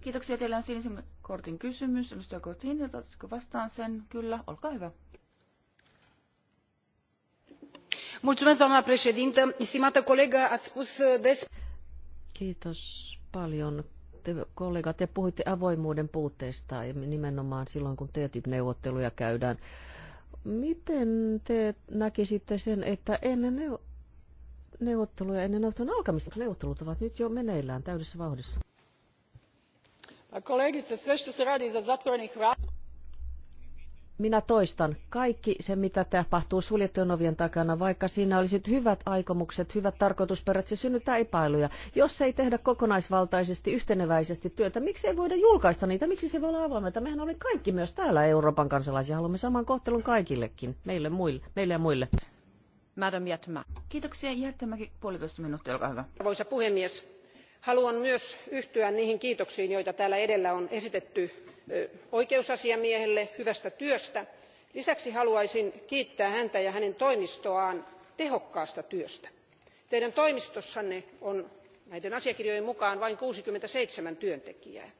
Kiitoksia. Teillä on sinisen kortin kysymys. Edustaja Kortin, otatko vastaan sen? Kyllä, olkaa hyvä. Mulțumesc, doamna președintă. Stimată colegă, ați spus uh, des... Kiitos paljon. Te, kollega, te puhuitte avoimuuden puutteesta nimenomaan silloin, kun TTIP-neuvotteluja käydään. Miten te näkisitte sen, että ennen neuvotteluja neuvotteluja ennen neuvottelun alkamista, koska neuvottelut ovat nyt jo meneillään täydessä vauhdissa. se minä toistan, kaikki se mitä tapahtuu suljettujen ovien takana, vaikka siinä olisi hyvät aikomukset, hyvät tarkoitusperät, se synnyttää epäilyjä. Jos ei tehdä kokonaisvaltaisesti, yhteneväisesti työtä, miksi ei voida julkaista niitä, miksi se voi olla avoimelta? Mehän olemme kaikki myös täällä Euroopan kansalaisia, haluamme saman kohtelun kaikillekin, meille, muille, meille ja muille. Kiitoksia. Jättämäki puolitoista minuuttia, olkaa hyvä. Arvoisa puhemies, haluan myös yhtyä niihin kiitoksiin, joita täällä edellä on esitetty oikeusasiamiehelle hyvästä työstä. Lisäksi haluaisin kiittää häntä ja hänen toimistoaan tehokkaasta työstä. Teidän toimistossanne on näiden asiakirjojen mukaan vain kuusikymmentäseitsemän työntekijää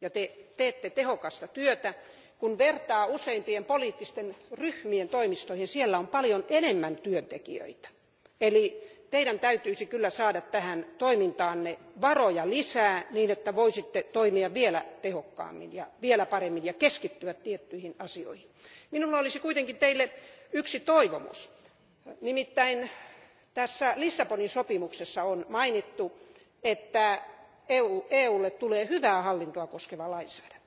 ja te teette tehokasta työtä kun vertaa useimpien poliittisten ryhmien toimistoihin siellä on paljon enemmän työntekijöitä eli teidän täytyisi kyllä saada tähän toimintaanne varoja lisää niin että voisitte toimia vielä tehokkaammin ja vielä paremmin ja keskittyä tiettyihin asioihin. minulla olisi kuitenkin teille yksi toivomus nimittäin tässä lissabonin sopimuksessa on mainittu että eu e lle tulee hyvää hallintoa koskeva lainsäädäntö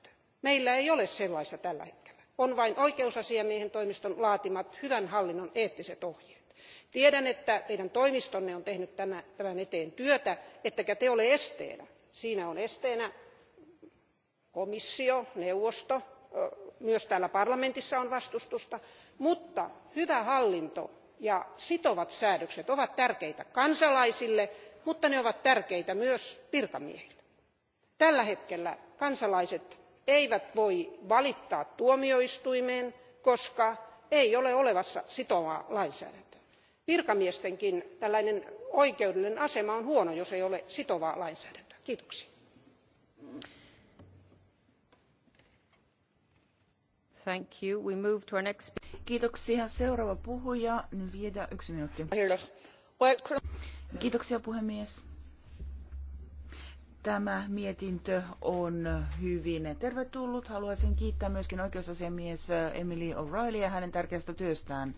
meillä ei ole sellaista tällä hetkellä on vain oikeusasiamiehen toimiston laatimat hyvän hallinnon eettiset ohjeet. tiedän että teidän toimistonne on tehnyt tämän eteen työtä ettekä te ole esteenä. siinä on esteenä komissio neuvosto myös täällä parlamentissa on vastustusta mutta hyvä hallinto ja sitovat säädökset ovat tärkeitä kansalaisille mutta ne ovat tärkeitä myös virkamiehille. tällä hetkellä kansalaiset eivät voi valittaa tuomioistuimeen koska ei ole olemassa sitovaa lainsäädäntöä. virkamiestenkin oikeudellinen asema on huono jos ei ole sitovaa lainsäädäntöä. kiitoksia. Seuraava puhuja, Kiitoksia puhemies. Tämä mietintö on hyvin tervetullut. Haluaisin kiittää myöskin oikeusasiamies Emily ja hänen tärkeästä työstään.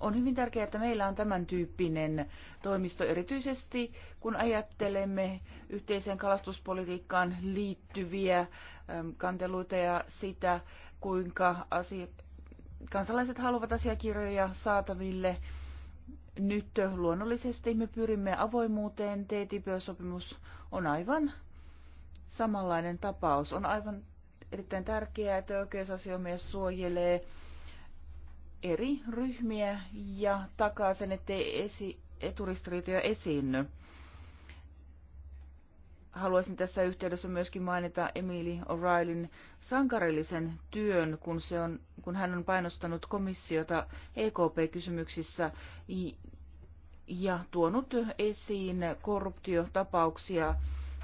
On hyvin tärkeää, että meillä on tämän tyyppinen toimisto, erityisesti kun ajattelemme yhteiseen kalastuspolitiikkaan liittyviä kanteluita ja sitä, kuinka asia, kansalaiset haluavat asiakirjoja saataville nyt luonnollisesti me pyrimme avoimuuteen. TTIP-sopimus on aivan samanlainen tapaus. On aivan erittäin tärkeää, että oikeusasiomies suojelee eri ryhmiä ja takaa sen, ettei esi- eturistiriitoja esiinny haluaisin tässä yhteydessä myöskin mainita Emily O'Reillyn sankarillisen työn, kun, se on, kun hän on painostanut komissiota EKP-kysymyksissä ja tuonut esiin korruptiotapauksia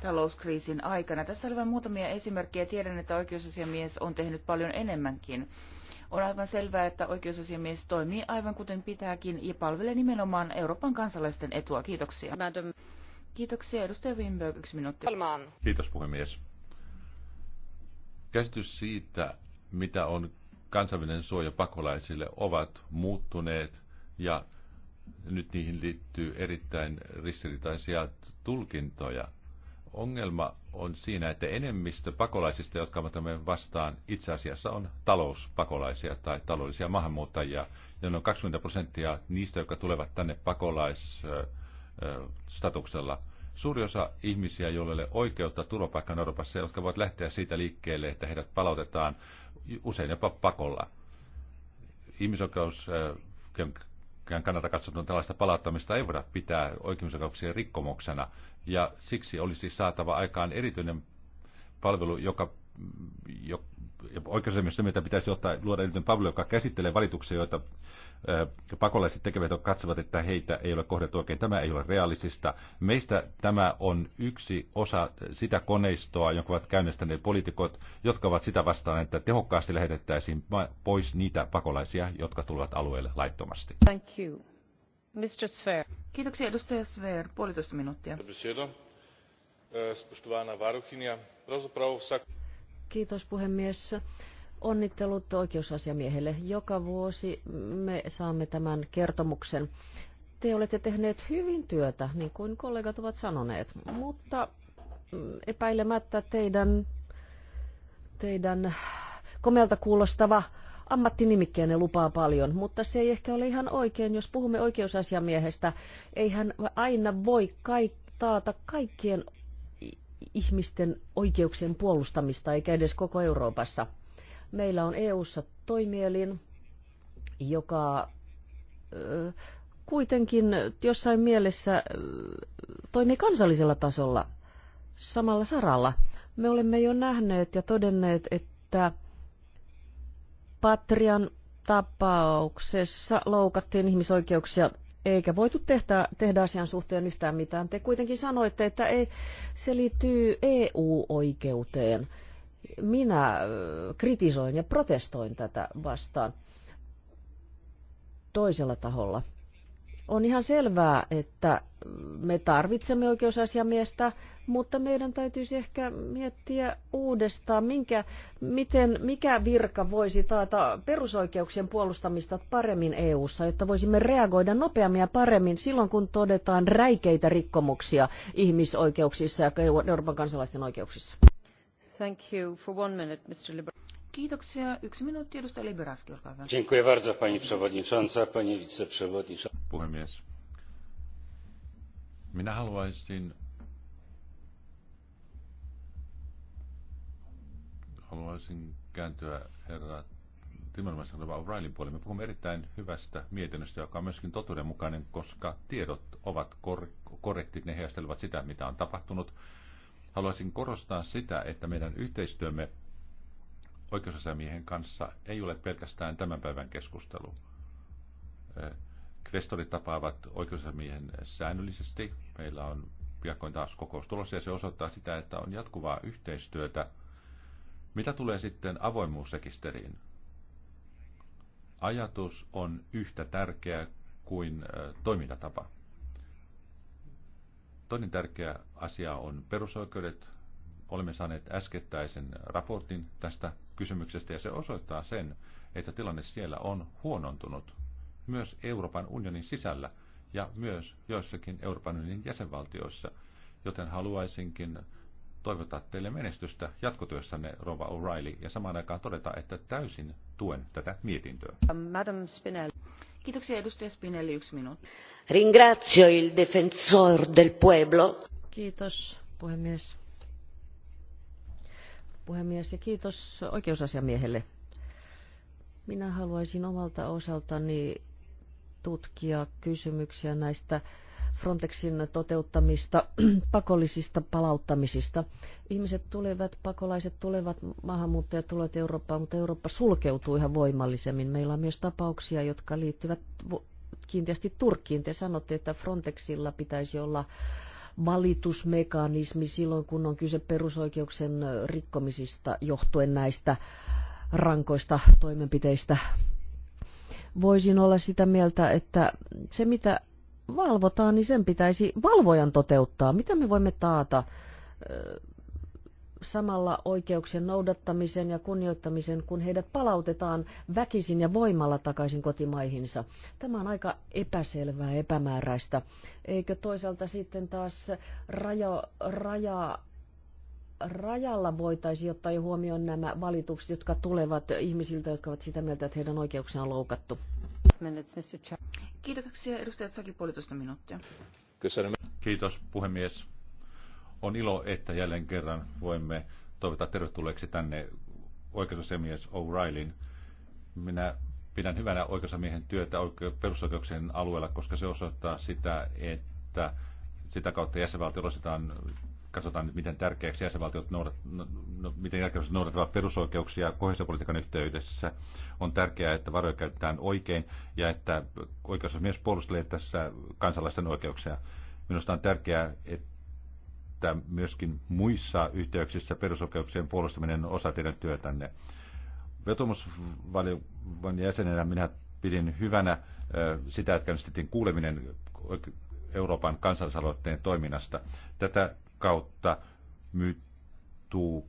talouskriisin aikana. Tässä oli vain muutamia esimerkkejä. Tiedän, että oikeusasiamies on tehnyt paljon enemmänkin. On aivan selvää, että oikeusasiamies toimii aivan kuten pitääkin ja palvelee nimenomaan Euroopan kansalaisten etua. Kiitoksia. Madam. Kiitoksia. Edustaja Wimberg, yksi minuutti. Kiitos puhemies. Käsitys siitä, mitä on kansainvälinen suoja pakolaisille, ovat muuttuneet ja nyt niihin liittyy erittäin ristiriitaisia tulkintoja. Ongelma on siinä, että enemmistö pakolaisista, jotka ovat vastaan, itse asiassa on talouspakolaisia tai taloudellisia maahanmuuttajia, noin 20 prosenttia niistä, jotka tulevat tänne pakolais statuksella. Suuri osa ihmisiä, joille ole oikeutta turvapaikan Euroopassa, jotka voivat lähteä siitä liikkeelle, että heidät palautetaan usein jopa pakolla. Ihmisoikeus kenenkään kannalta tällaista palauttamista ei voida pitää oikeusoikeuksien rikkomuksena, ja siksi olisi saatava aikaan erityinen palvelu, joka jo, oikeusasiamiestä mitä pitäisi ottaa, luoda erityinen palvelu, joka käsittelee valituksia, joita pakolaiset tekevät, jotka katsovat, että heitä ei ole kohdeltu oikein. Tämä ei ole realistista. Meistä tämä on yksi osa sitä koneistoa, jonka ovat käynnistäneet poliitikot, jotka ovat sitä vastaan, että tehokkaasti lähetettäisiin pois niitä pakolaisia, jotka tulevat alueelle laittomasti. Thank you. Mr. Sver. Kiitoksia edustaja Sver. Puolitoista minuuttia. Kiitos puhemies Onnittelut oikeusasiamiehelle. Joka vuosi me saamme tämän kertomuksen. Te olette tehneet hyvin työtä, niin kuin kollegat ovat sanoneet, mutta epäilemättä teidän, teidän komelta kuulostava ammattinimikkeenne lupaa paljon, mutta se ei ehkä ole ihan oikein, jos puhumme oikeusasiamiehestä. Eihän aina voi kaik- taata kaikkien ihmisten oikeuksien puolustamista, eikä edes koko Euroopassa – Meillä on EU:ssa toimielin, joka kuitenkin jossain mielessä toimii kansallisella tasolla samalla saralla. Me olemme jo nähneet ja todenneet, että Patrian tapauksessa loukattiin ihmisoikeuksia eikä voitu tehdä, tehdä asian suhteen yhtään mitään. Te kuitenkin sanoitte, että ei, se liittyy EU-oikeuteen minä kritisoin ja protestoin tätä vastaan toisella taholla. On ihan selvää, että me tarvitsemme oikeusasiamiestä, mutta meidän täytyisi ehkä miettiä uudestaan, minkä, miten, mikä virka voisi taata perusoikeuksien puolustamista paremmin EU-ssa, jotta voisimme reagoida nopeammin ja paremmin silloin, kun todetaan räikeitä rikkomuksia ihmisoikeuksissa ja Euroopan kansalaisten oikeuksissa. Kiitoksia. Yksi minuutti, pani przewodnicząca, pani wiceprzewodnicząca. Puhemies. Minä haluaisin haluaisin kääntyä herra Timmermansin oleva O'Reillyn puolelle. Me puhumme erittäin hyvästä mietinnöstä, joka on myöskin totuudenmukainen, koska tiedot ovat kor- korrektit, ne heijastelevat sitä, mitä on tapahtunut. Haluaisin korostaa sitä, että meidän yhteistyömme oikeusasiamiehen kanssa ei ole pelkästään tämän päivän keskustelu. Kvestorit tapaavat oikeusasiamiehen säännöllisesti. Meillä on piakkoin taas kokous tulossa ja se osoittaa sitä, että on jatkuvaa yhteistyötä. Mitä tulee sitten avoimuusrekisteriin? Ajatus on yhtä tärkeä kuin toimintatapa. Toinen tärkeä asia on perusoikeudet. Olemme saaneet äskettäisen raportin tästä kysymyksestä ja se osoittaa sen, että tilanne siellä on huonontunut myös Euroopan unionin sisällä ja myös joissakin Euroopan unionin jäsenvaltioissa. Joten haluaisinkin toivottaa teille menestystä jatkotyössänne, Rova O'Reilly, ja samaan aikaan todeta, että täysin tuen tätä mietintöä. Madam Spinelli. Kiitoksia edustaja Spinelli, yksi minuutti. Ringrazio il defensor del pueblo. Kiitos puhemies. Puhemies ja kiitos oikeusasiamiehelle. Minä haluaisin omalta osaltani tutkia kysymyksiä näistä Frontexin toteuttamista *clears throat* pakollisista palauttamisista. Ihmiset tulevat, pakolaiset tulevat, maahanmuuttajat tulevat Eurooppaan, mutta Eurooppa sulkeutuu ihan voimallisemmin. Meillä on myös tapauksia, jotka liittyvät kiinteästi Turkkiin. Te sanotte, että Frontexilla pitäisi olla valitusmekanismi silloin, kun on kyse perusoikeuksien rikkomisista johtuen näistä rankoista toimenpiteistä. Voisin olla sitä mieltä, että se mitä valvotaan, niin sen pitäisi valvojan toteuttaa. Mitä me voimme taata samalla oikeuksien noudattamisen ja kunnioittamisen, kun heidät palautetaan väkisin ja voimalla takaisin kotimaihinsa. Tämä on aika epäselvää, epämääräistä. Eikö toisaalta sitten taas raja, raja rajalla voitaisiin ottaa jo huomioon nämä valitukset, jotka tulevat ihmisiltä, jotka ovat sitä mieltä, että heidän oikeuksiaan on loukattu. Kiitoksia. Edustaja Tsaki, puolitoista minuuttia. Kiitos puhemies. On ilo, että jälleen kerran voimme toivottaa tervetulleeksi tänne oikeusasiamies O'Reillyn. Minä pidän hyvänä oikeusasiamiehen työtä perusoikeuksien alueella, koska se osoittaa sitä, että sitä kautta jäsenvaltio osataan katsotaan nyt, miten tärkeäksi jäsenvaltiot noudat, no, no, miten jäsenvaltiot noudattavat perusoikeuksia kohesiopolitiikan yhteydessä. On tärkeää, että varoja käytetään oikein ja että myös puolustelee tässä kansalaisten oikeuksia. Minusta on tärkeää, että myöskin muissa yhteyksissä perusoikeuksien puolustaminen on osa teidän työtänne. Vetomusvaliokunnan jäsenenä minä pidin hyvänä sitä, että käynnistettiin kuuleminen Euroopan kansallisaloitteen toiminnasta. Tätä kautta myyttuu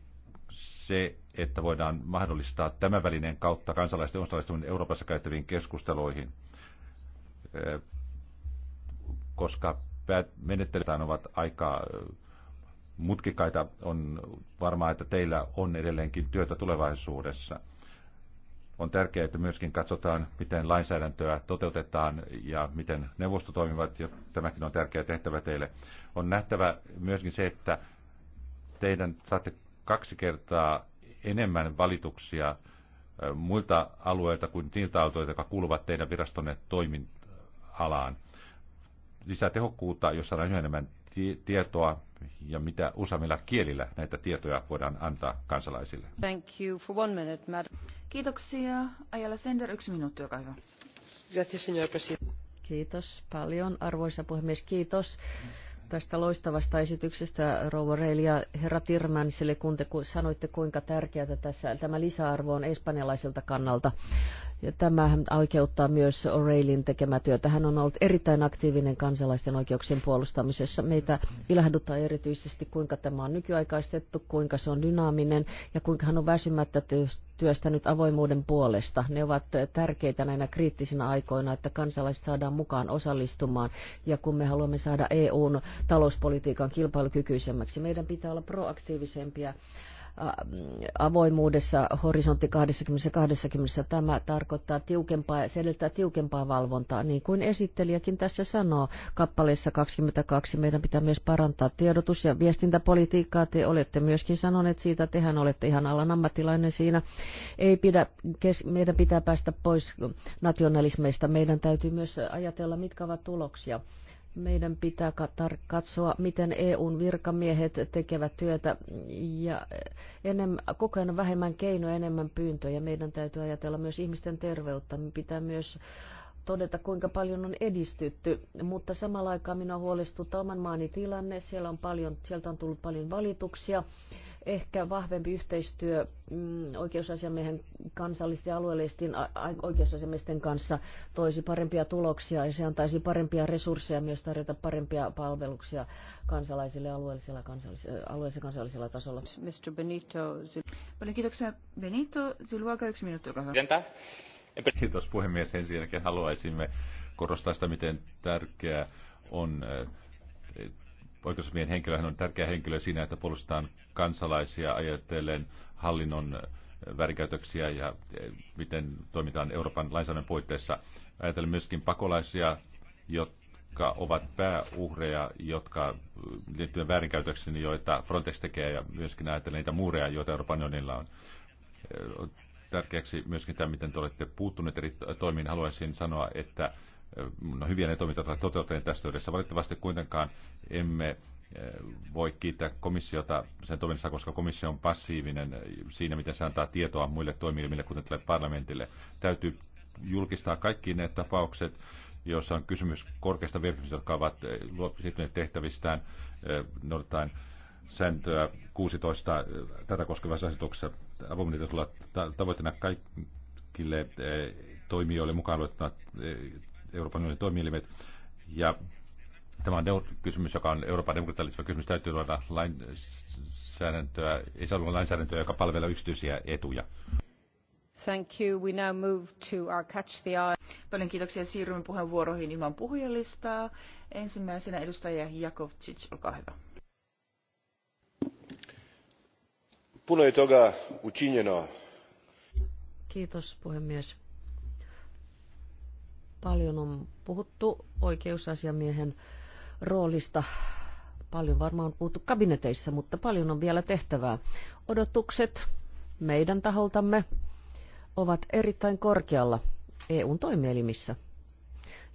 se, että voidaan mahdollistaa tämän välineen kautta kansalaisten osallistuminen Euroopassa käyttäviin keskusteluihin, eh, koska menettelytään ovat aika eh, mutkikaita. On varmaa, että teillä on edelleenkin työtä tulevaisuudessa. On tärkeää, että myöskin katsotaan, miten lainsäädäntöä toteutetaan ja miten neuvosto toimivat, ja tämäkin on tärkeä tehtävä teille. On nähtävä myöskin se, että teidän saatte kaksi kertaa enemmän valituksia muilta alueilta kuin niiltä alueilta, jotka kuuluvat teidän virastonne toimintalaan. Lisää tehokkuutta, jos saadaan yhä enemmän tietoa ja mitä useammilla kielillä näitä tietoja voidaan antaa kansalaisille. Thank you for one minute, madam. Kiitoksia. Ajalla Sender, yksi minuutti, olkaa hyvä. Kiitos paljon, arvoisa puhemies. Kiitos tästä loistavasta esityksestä, Rouva Reil ja herra Tirmänsille, kun te sanoitte, kuinka tärkeää tässä, tämä lisäarvo on espanjalaiselta kannalta. Ja tämähän oikeuttaa myös O'Reillyn tekemää työtä. Hän on ollut erittäin aktiivinen kansalaisten oikeuksien puolustamisessa. Meitä ilahduttaa erityisesti, kuinka tämä on nykyaikaistettu, kuinka se on dynaaminen ja kuinka hän on väsymättä työstänyt avoimuuden puolesta. Ne ovat tärkeitä näinä kriittisinä aikoina, että kansalaiset saadaan mukaan osallistumaan. Ja kun me haluamme saada EUn talouspolitiikan kilpailukykyisemmäksi, meidän pitää olla proaktiivisempia avoimuudessa horisontti 2020. Tämä tarkoittaa tiukempaa, se edellyttää tiukempaa valvontaa, niin kuin esittelijäkin tässä sanoo. Kappaleessa 22 meidän pitää myös parantaa tiedotus- ja viestintäpolitiikkaa. Te olette myöskin sanoneet siitä, tehän olette ihan alan ammattilainen siinä. Ei pidä, kes, meidän pitää päästä pois nationalismeista. Meidän täytyy myös ajatella, mitkä ovat tuloksia meidän pitää katsoa, miten EUn virkamiehet tekevät työtä ja enemmän, koko ajan vähemmän keinoja, enemmän pyyntöjä. Meidän täytyy ajatella myös ihmisten terveyttä. Me pitää myös todeta, kuinka paljon on edistytty, mutta samalla aikaa minua huolestuttaa oman maani tilanne. Siellä on paljon, sieltä on tullut paljon valituksia. Ehkä vahvempi yhteistyö mm, oikeusasiamiehen kansallisesti ja alueellisesti oikeusasiamiesten kanssa toisi parempia tuloksia ja se antaisi parempia resursseja myös tarjota parempia palveluksia kansalaisille alueellisella, kansallis- äh, alueellisella kansallisella tasolla. Mr. Benito Paljon kiitoksia. Benito Zuluaga, yksi minuutti, olkaa hyvä. Kiitos puhemies. Ensinnäkin haluaisimme korostaa sitä, miten tärkeää on eh, oikeusmiehen henkilö. Hän on tärkeä henkilö siinä, että puolustetaan kansalaisia ajatellen hallinnon eh, väärinkäytöksiä ja eh, miten toimitaan Euroopan lainsäädännön puitteissa. Ajatellen myöskin pakolaisia, jotka ovat pääuhreja, jotka liittyen väärinkäytöksiin, joita Frontex tekee, ja myöskin ajatellen niitä muureja, joita Euroopan unionilla on tärkeäksi myöskin tämä, miten te olette puuttuneet eri toimiin. Haluaisin sanoa, että eh, no, hyviä ne toimintat ovat toteuttaneet tässä yhdessä. Valitettavasti kuitenkaan emme eh, voi kiittää komissiota sen toiminnassa, koska komissio on passiivinen eh, siinä, miten se antaa tietoa muille toimijoille, kuten tälle parlamentille. Täytyy julkistaa kaikki ne tapaukset, joissa on kysymys korkeista virkistä, jotka ovat siirtyneet tehtävistään noudattaen sääntöä 16 tätä koskevassa asetuksessa. Avoimen pitäisi tavoitteena kaikille eh, toimijoille mukaan luettuna eh, Euroopan unionin toimielimet. Ja tämä on kysymys, joka on Euroopan demokratialistava kysymys. Täytyy luoda lainsäädäntöä, ei saa lainsäädäntöä, joka palvelee yksityisiä etuja. Thank you. We now move to our catch the eye. Paljon kiitoksia. Siirrymme puheenvuoroihin ilman puhujalistaa. Ensimmäisenä edustaja Jakovcic, olkaa hyvä. puno je toga učinjeno. Kiitos puhemies. Paljon on puhuttu oikeusasiamiehen roolista. Paljon varmaan on puhuttu kabineteissa, mutta paljon on vielä tehtävää. Odotukset meidän taholtamme ovat erittäin korkealla EUn toimielimissä.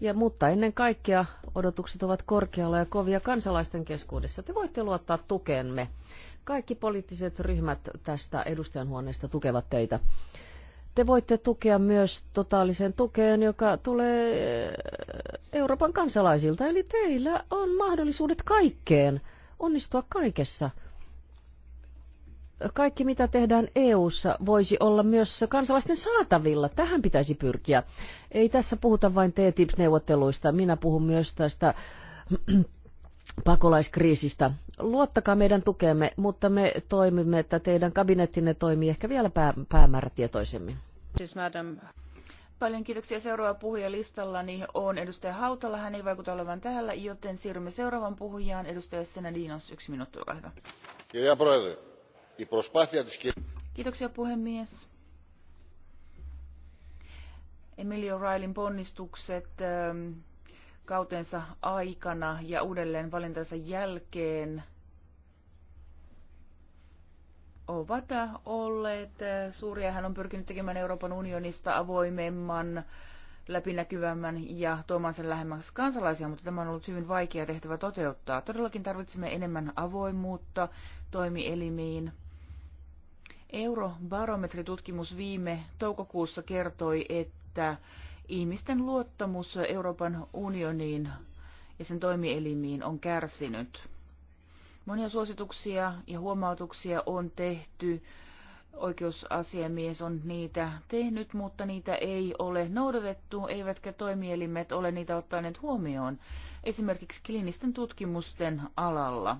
Ja, mutta ennen kaikkea odotukset ovat korkealla ja kovia kansalaisten keskuudessa. Te voitte luottaa tukeemme. Kaikki poliittiset ryhmät tästä edustajanhuoneesta tukevat teitä. Te voitte tukea myös totaalisen tukeen, joka tulee Euroopan kansalaisilta. Eli teillä on mahdollisuudet kaikkeen, onnistua kaikessa kaikki mitä tehdään EU:ssa voisi olla myös kansalaisten saatavilla. Tähän pitäisi pyrkiä. Ei tässä puhuta vain TTIP-neuvotteluista. Minä puhun myös tästä *clears throat* pakolaiskriisistä luottakaa meidän tukemme, mutta me toimimme, että teidän kabinettinne toimii ehkä vielä pää, päämäärätietoisemmin. Siis madam. Paljon kiitoksia. Seuraava puhuja listallani on edustaja Hautala. Hän ei vaikuta olevan täällä, joten siirrymme seuraavan puhujaan. Edustaja Senadinos, yksi minuutti, olkaa hyvä. Kiitoksia puhemies. Emilio Railin ponnistukset ähm, kautensa aikana ja uudelleen valintansa jälkeen ovat olleet suuria. Hän on pyrkinyt tekemään Euroopan unionista avoimemman, läpinäkyvämmän ja tuomaan sen lähemmäksi kansalaisia, mutta tämä on ollut hyvin vaikea tehtävä toteuttaa. Todellakin tarvitsemme enemmän avoimuutta toimielimiin. Eurobarometritutkimus viime toukokuussa kertoi, että ihmisten luottamus Euroopan unioniin ja sen toimielimiin on kärsinyt. Monia suosituksia ja huomautuksia on tehty. Oikeusasiamies on niitä tehnyt, mutta niitä ei ole noudatettu, eivätkä toimielimet ole niitä ottaneet huomioon, esimerkiksi kliinisten tutkimusten alalla.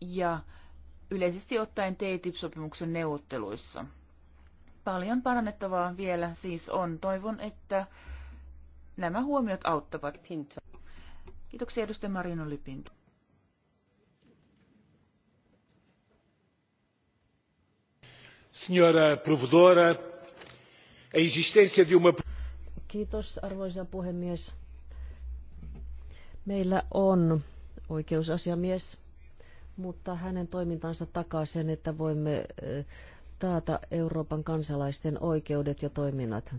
Ja yleisesti ottaen TTIP-sopimuksen neuvotteluissa. Paljon parannettavaa vielä siis on. Toivon, että nämä huomiot auttavat. Pinto. Kiitoksia edustaja Marino Lypinto. Signora Provedora, a di una... Kiitos, arvoisa puhemies. Meillä on oikeusasiamies, mutta hänen toimintansa takaa sen, että voimme äh, taata Euroopan kansalaisten oikeudet ja toiminnat.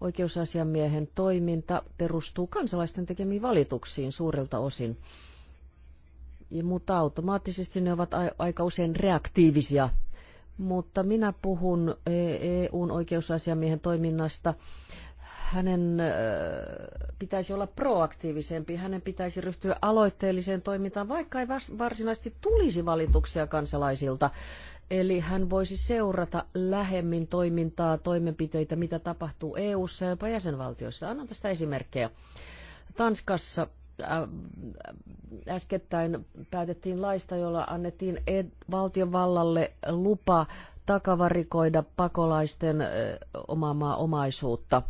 Oikeusasiamiehen toiminta perustuu kansalaisten tekemiin valituksiin suurelta osin, ja, mutta automaattisesti ne ovat aika usein reaktiivisia. Mutta minä puhun EUn e oikeusasiamiehen toiminnasta hänen pitäisi olla proaktiivisempi, hänen pitäisi ryhtyä aloitteelliseen toimintaan, vaikka ei varsinaisesti tulisi valituksia kansalaisilta Eli hän voisi seurata lähemmin toimintaa, toimenpiteitä, mitä tapahtuu EU-ssa ja jopa jäsenvaltioissa. Annan tästä esimerkkejä. Tanskassa äh, äskettäin päätettiin laista, jolla annettiin ed- valtiovallalle lupa takavarikoida pakolaisten äh, omaa omaisuutta.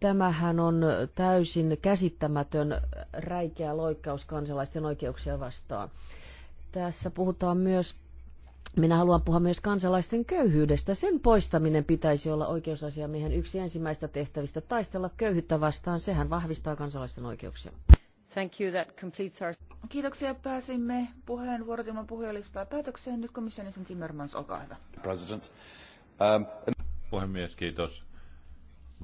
Tämähän on täysin käsittämätön räikeä loikkaus kansalaisten oikeuksia vastaan. Tässä puhutaan myös minä haluan puhua myös kansalaisten köyhyydestä. Sen poistaminen pitäisi olla oikeusasiamiehen yksi ensimmäistä tehtävistä. Taistella köyhyyttä vastaan, sehän vahvistaa kansalaisten oikeuksia. Thank you. That completes our... Kiitoksia. Pääsimme puheenvuorot ilman puhujalistaa päätökseen. Nyt komission jäsen Timmermans, olkaa hyvä. President. Um... Puhemies, kiitos.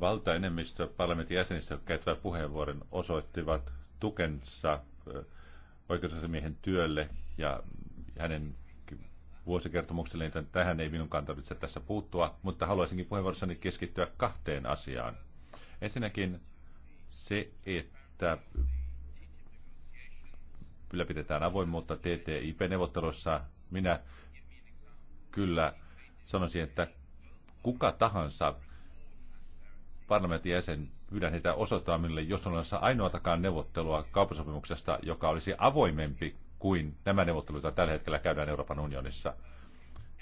Valtaenemmistö parlamentin jäsenistä, jotka käyttävät puheenvuoron, osoittivat tukensa oikeusasiamiehen työlle ja hänen vuosikertomukselle, niin tähän ei minun tarvitse tässä puuttua, mutta haluaisinkin puheenvuorossani keskittyä kahteen asiaan. Ensinnäkin se, että ylläpidetään avoimuutta TTIP-neuvottelussa. Minä kyllä sanoisin, että kuka tahansa parlamentin jäsen, pyydän heitä osoittamaan minulle, jos on olemassa ainoatakaan neuvottelua kauppasopimuksesta, joka olisi avoimempi kuin nämä neuvottelut, joita tällä hetkellä käydään Euroopan unionissa.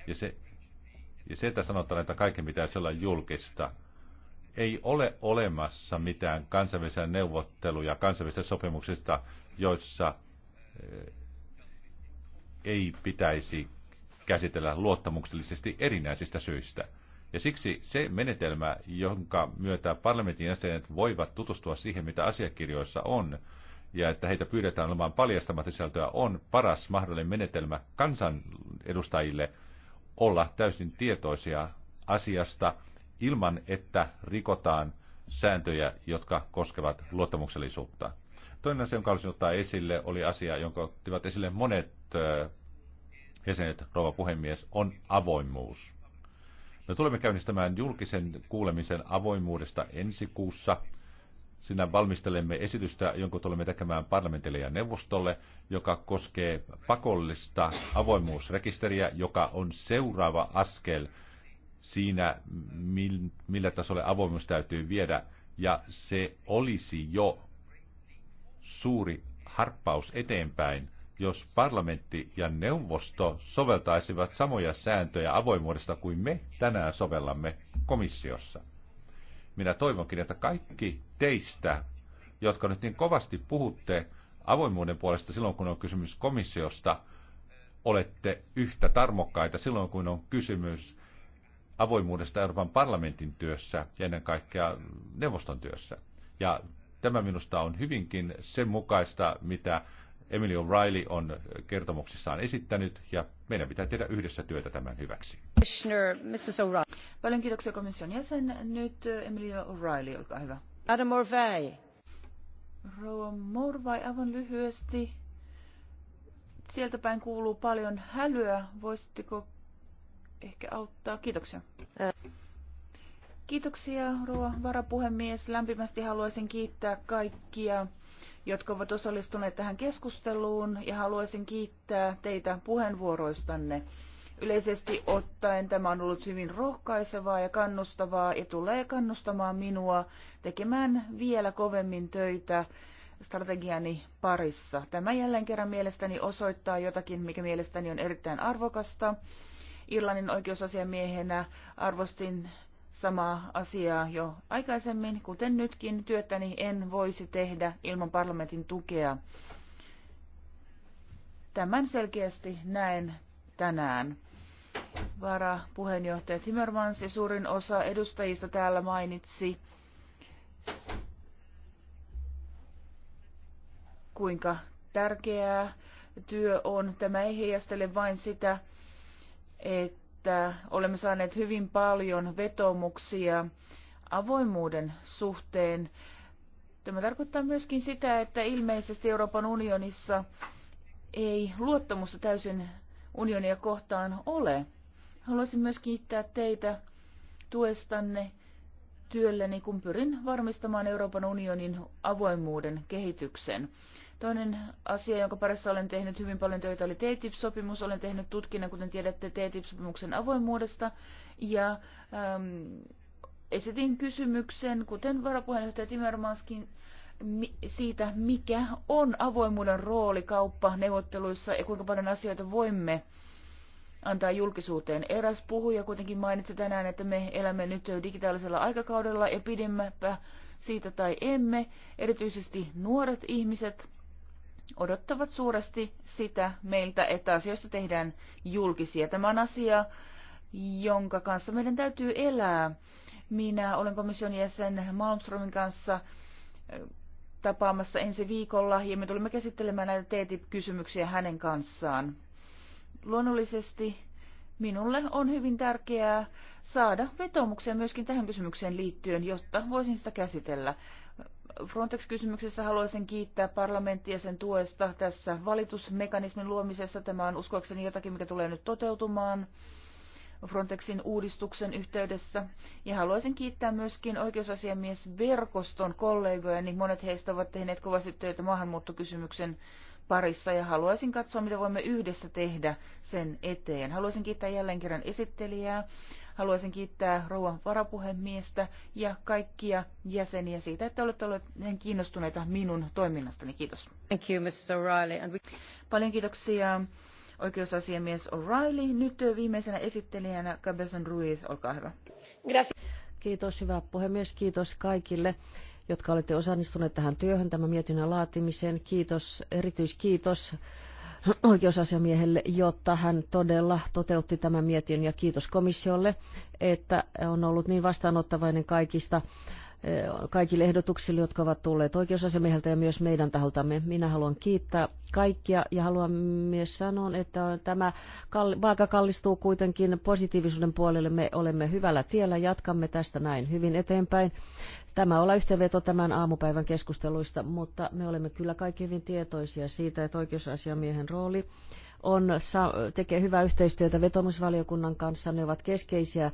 Ja se, ja se että sanotaan, että kaiken pitäisi olla julkista, ei ole olemassa mitään kansainvälisiä neuvotteluja kansainvälisistä sopimuksista, joissa eh, ei pitäisi käsitellä luottamuksellisesti erinäisistä syistä. Ja siksi se menetelmä, jonka myötä parlamentin jäsenet voivat tutustua siihen, mitä asiakirjoissa on, ja että heitä pyydetään olemaan paljastamatta sisältöä on paras mahdollinen menetelmä kansanedustajille olla täysin tietoisia asiasta ilman, että rikotaan sääntöjä, jotka koskevat luottamuksellisuutta. Toinen asia, jonka haluaisin ottaa esille, oli asia, jonka ottivat esille monet jäsenet, rouva puhemies, on avoimuus. Me tulemme käynnistämään julkisen kuulemisen avoimuudesta ensi kuussa – Siinä valmistelemme esitystä, jonka tulemme tekemään parlamentille ja neuvostolle, joka koskee pakollista avoimuusrekisteriä, joka on seuraava askel siinä, millä tasolle avoimuus täytyy viedä. Ja se olisi jo suuri harppaus eteenpäin, jos parlamentti ja neuvosto soveltaisivat samoja sääntöjä avoimuudesta kuin me tänään sovellamme komissiossa. Minä toivonkin, että kaikki teistä, jotka nyt niin kovasti puhutte avoimuuden puolesta silloin, kun on kysymys komissiosta, olette yhtä tarmokkaita silloin, kun on kysymys avoimuudesta Euroopan parlamentin työssä ja ennen kaikkea neuvoston työssä. Ja tämä minusta on hyvinkin sen mukaista, mitä Emily O'Reilly on kertomuksissaan esittänyt ja meidän pitää tehdä yhdessä työtä tämän hyväksi. Mrs. Paljon kiitoksia komission jäsen. Nyt äh, Emily O'Reilly, olkaa hyvä. Adam Morvay. Rouva Morvay, aivan lyhyesti. Sieltä päin kuuluu paljon hälyä. Voisitteko ehkä auttaa? Kiitoksia. Kiitoksia, rouva varapuhemies. Lämpimästi haluaisin kiittää kaikkia jotka ovat osallistuneet tähän keskusteluun ja haluaisin kiittää teitä puheenvuoroistanne. Yleisesti ottaen tämä on ollut hyvin rohkaisevaa ja kannustavaa ja tulee kannustamaan minua tekemään vielä kovemmin töitä strategiani parissa. Tämä jälleen kerran mielestäni osoittaa jotakin, mikä mielestäni on erittäin arvokasta. Irlannin oikeusasiamiehenä arvostin samaa asiaa jo aikaisemmin, kuten nytkin. Työtäni en voisi tehdä ilman parlamentin tukea. Tämän selkeästi näen tänään. Vara puheenjohtaja Timmermans ja suurin osa edustajista täällä mainitsi, kuinka tärkeää työ on. Tämä ei heijastele vain sitä, että että olemme saaneet hyvin paljon vetomuksia avoimuuden suhteen. Tämä tarkoittaa myöskin sitä, että ilmeisesti Euroopan unionissa ei luottamusta täysin unionia kohtaan ole. Haluaisin myös kiittää teitä tuestanne työlleni, kun pyrin varmistamaan Euroopan unionin avoimuuden kehityksen. Toinen asia, jonka parissa olen tehnyt hyvin paljon töitä, oli TTIP-sopimus. Olen tehnyt tutkinnan, kuten tiedätte, TTIP-sopimuksen avoimuudesta. Ja ähm, esitin kysymyksen, kuten varapuheenjohtaja Timmermanskin, siitä, mikä on avoimuuden rooli kauppaneuvotteluissa ja kuinka paljon asioita voimme antaa julkisuuteen. Eräs puhuja kuitenkin mainitsi tänään, että me elämme nyt digitaalisella aikakaudella ja pidemmäpä siitä tai emme, erityisesti nuoret ihmiset – odottavat suuresti sitä meiltä, että asioista tehdään julkisia. Tämä on asia, jonka kanssa meidän täytyy elää. Minä olen komission jäsen Malmströmin kanssa tapaamassa ensi viikolla ja me tulemme käsittelemään näitä TTIP-kysymyksiä hänen kanssaan. Luonnollisesti minulle on hyvin tärkeää saada vetomuksia myöskin tähän kysymykseen liittyen, jotta voisin sitä käsitellä. Frontex-kysymyksessä haluaisin kiittää parlamenttia sen tuesta tässä valitusmekanismin luomisessa. Tämä on uskoakseni jotakin, mikä tulee nyt toteutumaan. Frontexin uudistuksen yhteydessä. Ja haluaisin kiittää myöskin oikeusasiamiesverkoston kollegoja, niin monet heistä ovat tehneet kovasti töitä maahanmuuttokysymyksen parissa ja haluaisin katsoa, mitä voimme yhdessä tehdä sen eteen. Haluaisin kiittää jälleen kerran esittelijää. Haluaisin kiittää rouvan varapuhemiestä ja kaikkia jäseniä siitä, että olette olleet niin kiinnostuneita minun toiminnastani. Kiitos. Thank you, Mrs. We... Paljon kiitoksia oikeusasiamies O'Reilly. Nyt viimeisenä esittelijänä Cabezon Ruiz, olkaa hyvä. Gracias. Kiitos hyvä puhemies, kiitos kaikille jotka olette osallistuneet tähän työhön, tämän mietinnön laatimiseen. Kiitos, erityiskiitos oikeusasiamiehelle, jotta hän todella toteutti tämän mietin ja kiitos komissiolle, että on ollut niin vastaanottavainen kaikista eh, kaikille ehdotuksille, jotka ovat tulleet oikeusasiamieheltä ja myös meidän taholtamme. Minä haluan kiittää kaikkia ja haluan myös sanoa, että tämä vaaka kallistuu kuitenkin positiivisuuden puolelle. Me olemme hyvällä tiellä, jatkamme tästä näin hyvin eteenpäin. Tämä olla yhteenveto tämän aamupäivän keskusteluista, mutta me olemme kyllä kaikki hyvin tietoisia siitä, että oikeusasiamiehen rooli on, tekee hyvää yhteistyötä vetomusvaliokunnan kanssa. Ne ovat keskeisiä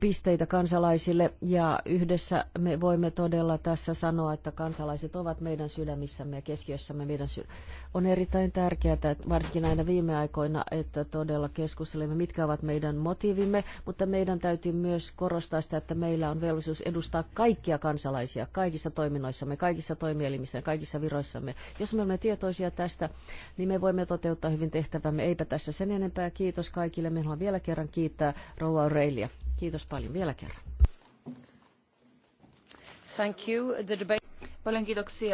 pisteitä kansalaisille ja yhdessä me voimme todella tässä sanoa, että kansalaiset ovat meidän sydämissämme ja keskiössämme. Meidän sy- on erittäin tärkeää, että varsinkin aina viime aikoina, että todella keskustelemme, mitkä ovat meidän motiivimme, mutta meidän täytyy myös korostaa sitä, että meillä on velvollisuus edustaa kaikkia kansalaisia kaikissa toiminnoissamme, kaikissa toimielimissä, kaikissa viroissamme. Jos me olemme tietoisia tästä, niin me voimme toteuttaa hyvin tehtäviä tehtävämme. Eipä tässä sen enempää. Kiitos kaikille. Me haluamme vielä kerran kiittää Rouva Aurelia. Kiitos paljon vielä kerran. Thank you. The debate... Paljon kiitoksia.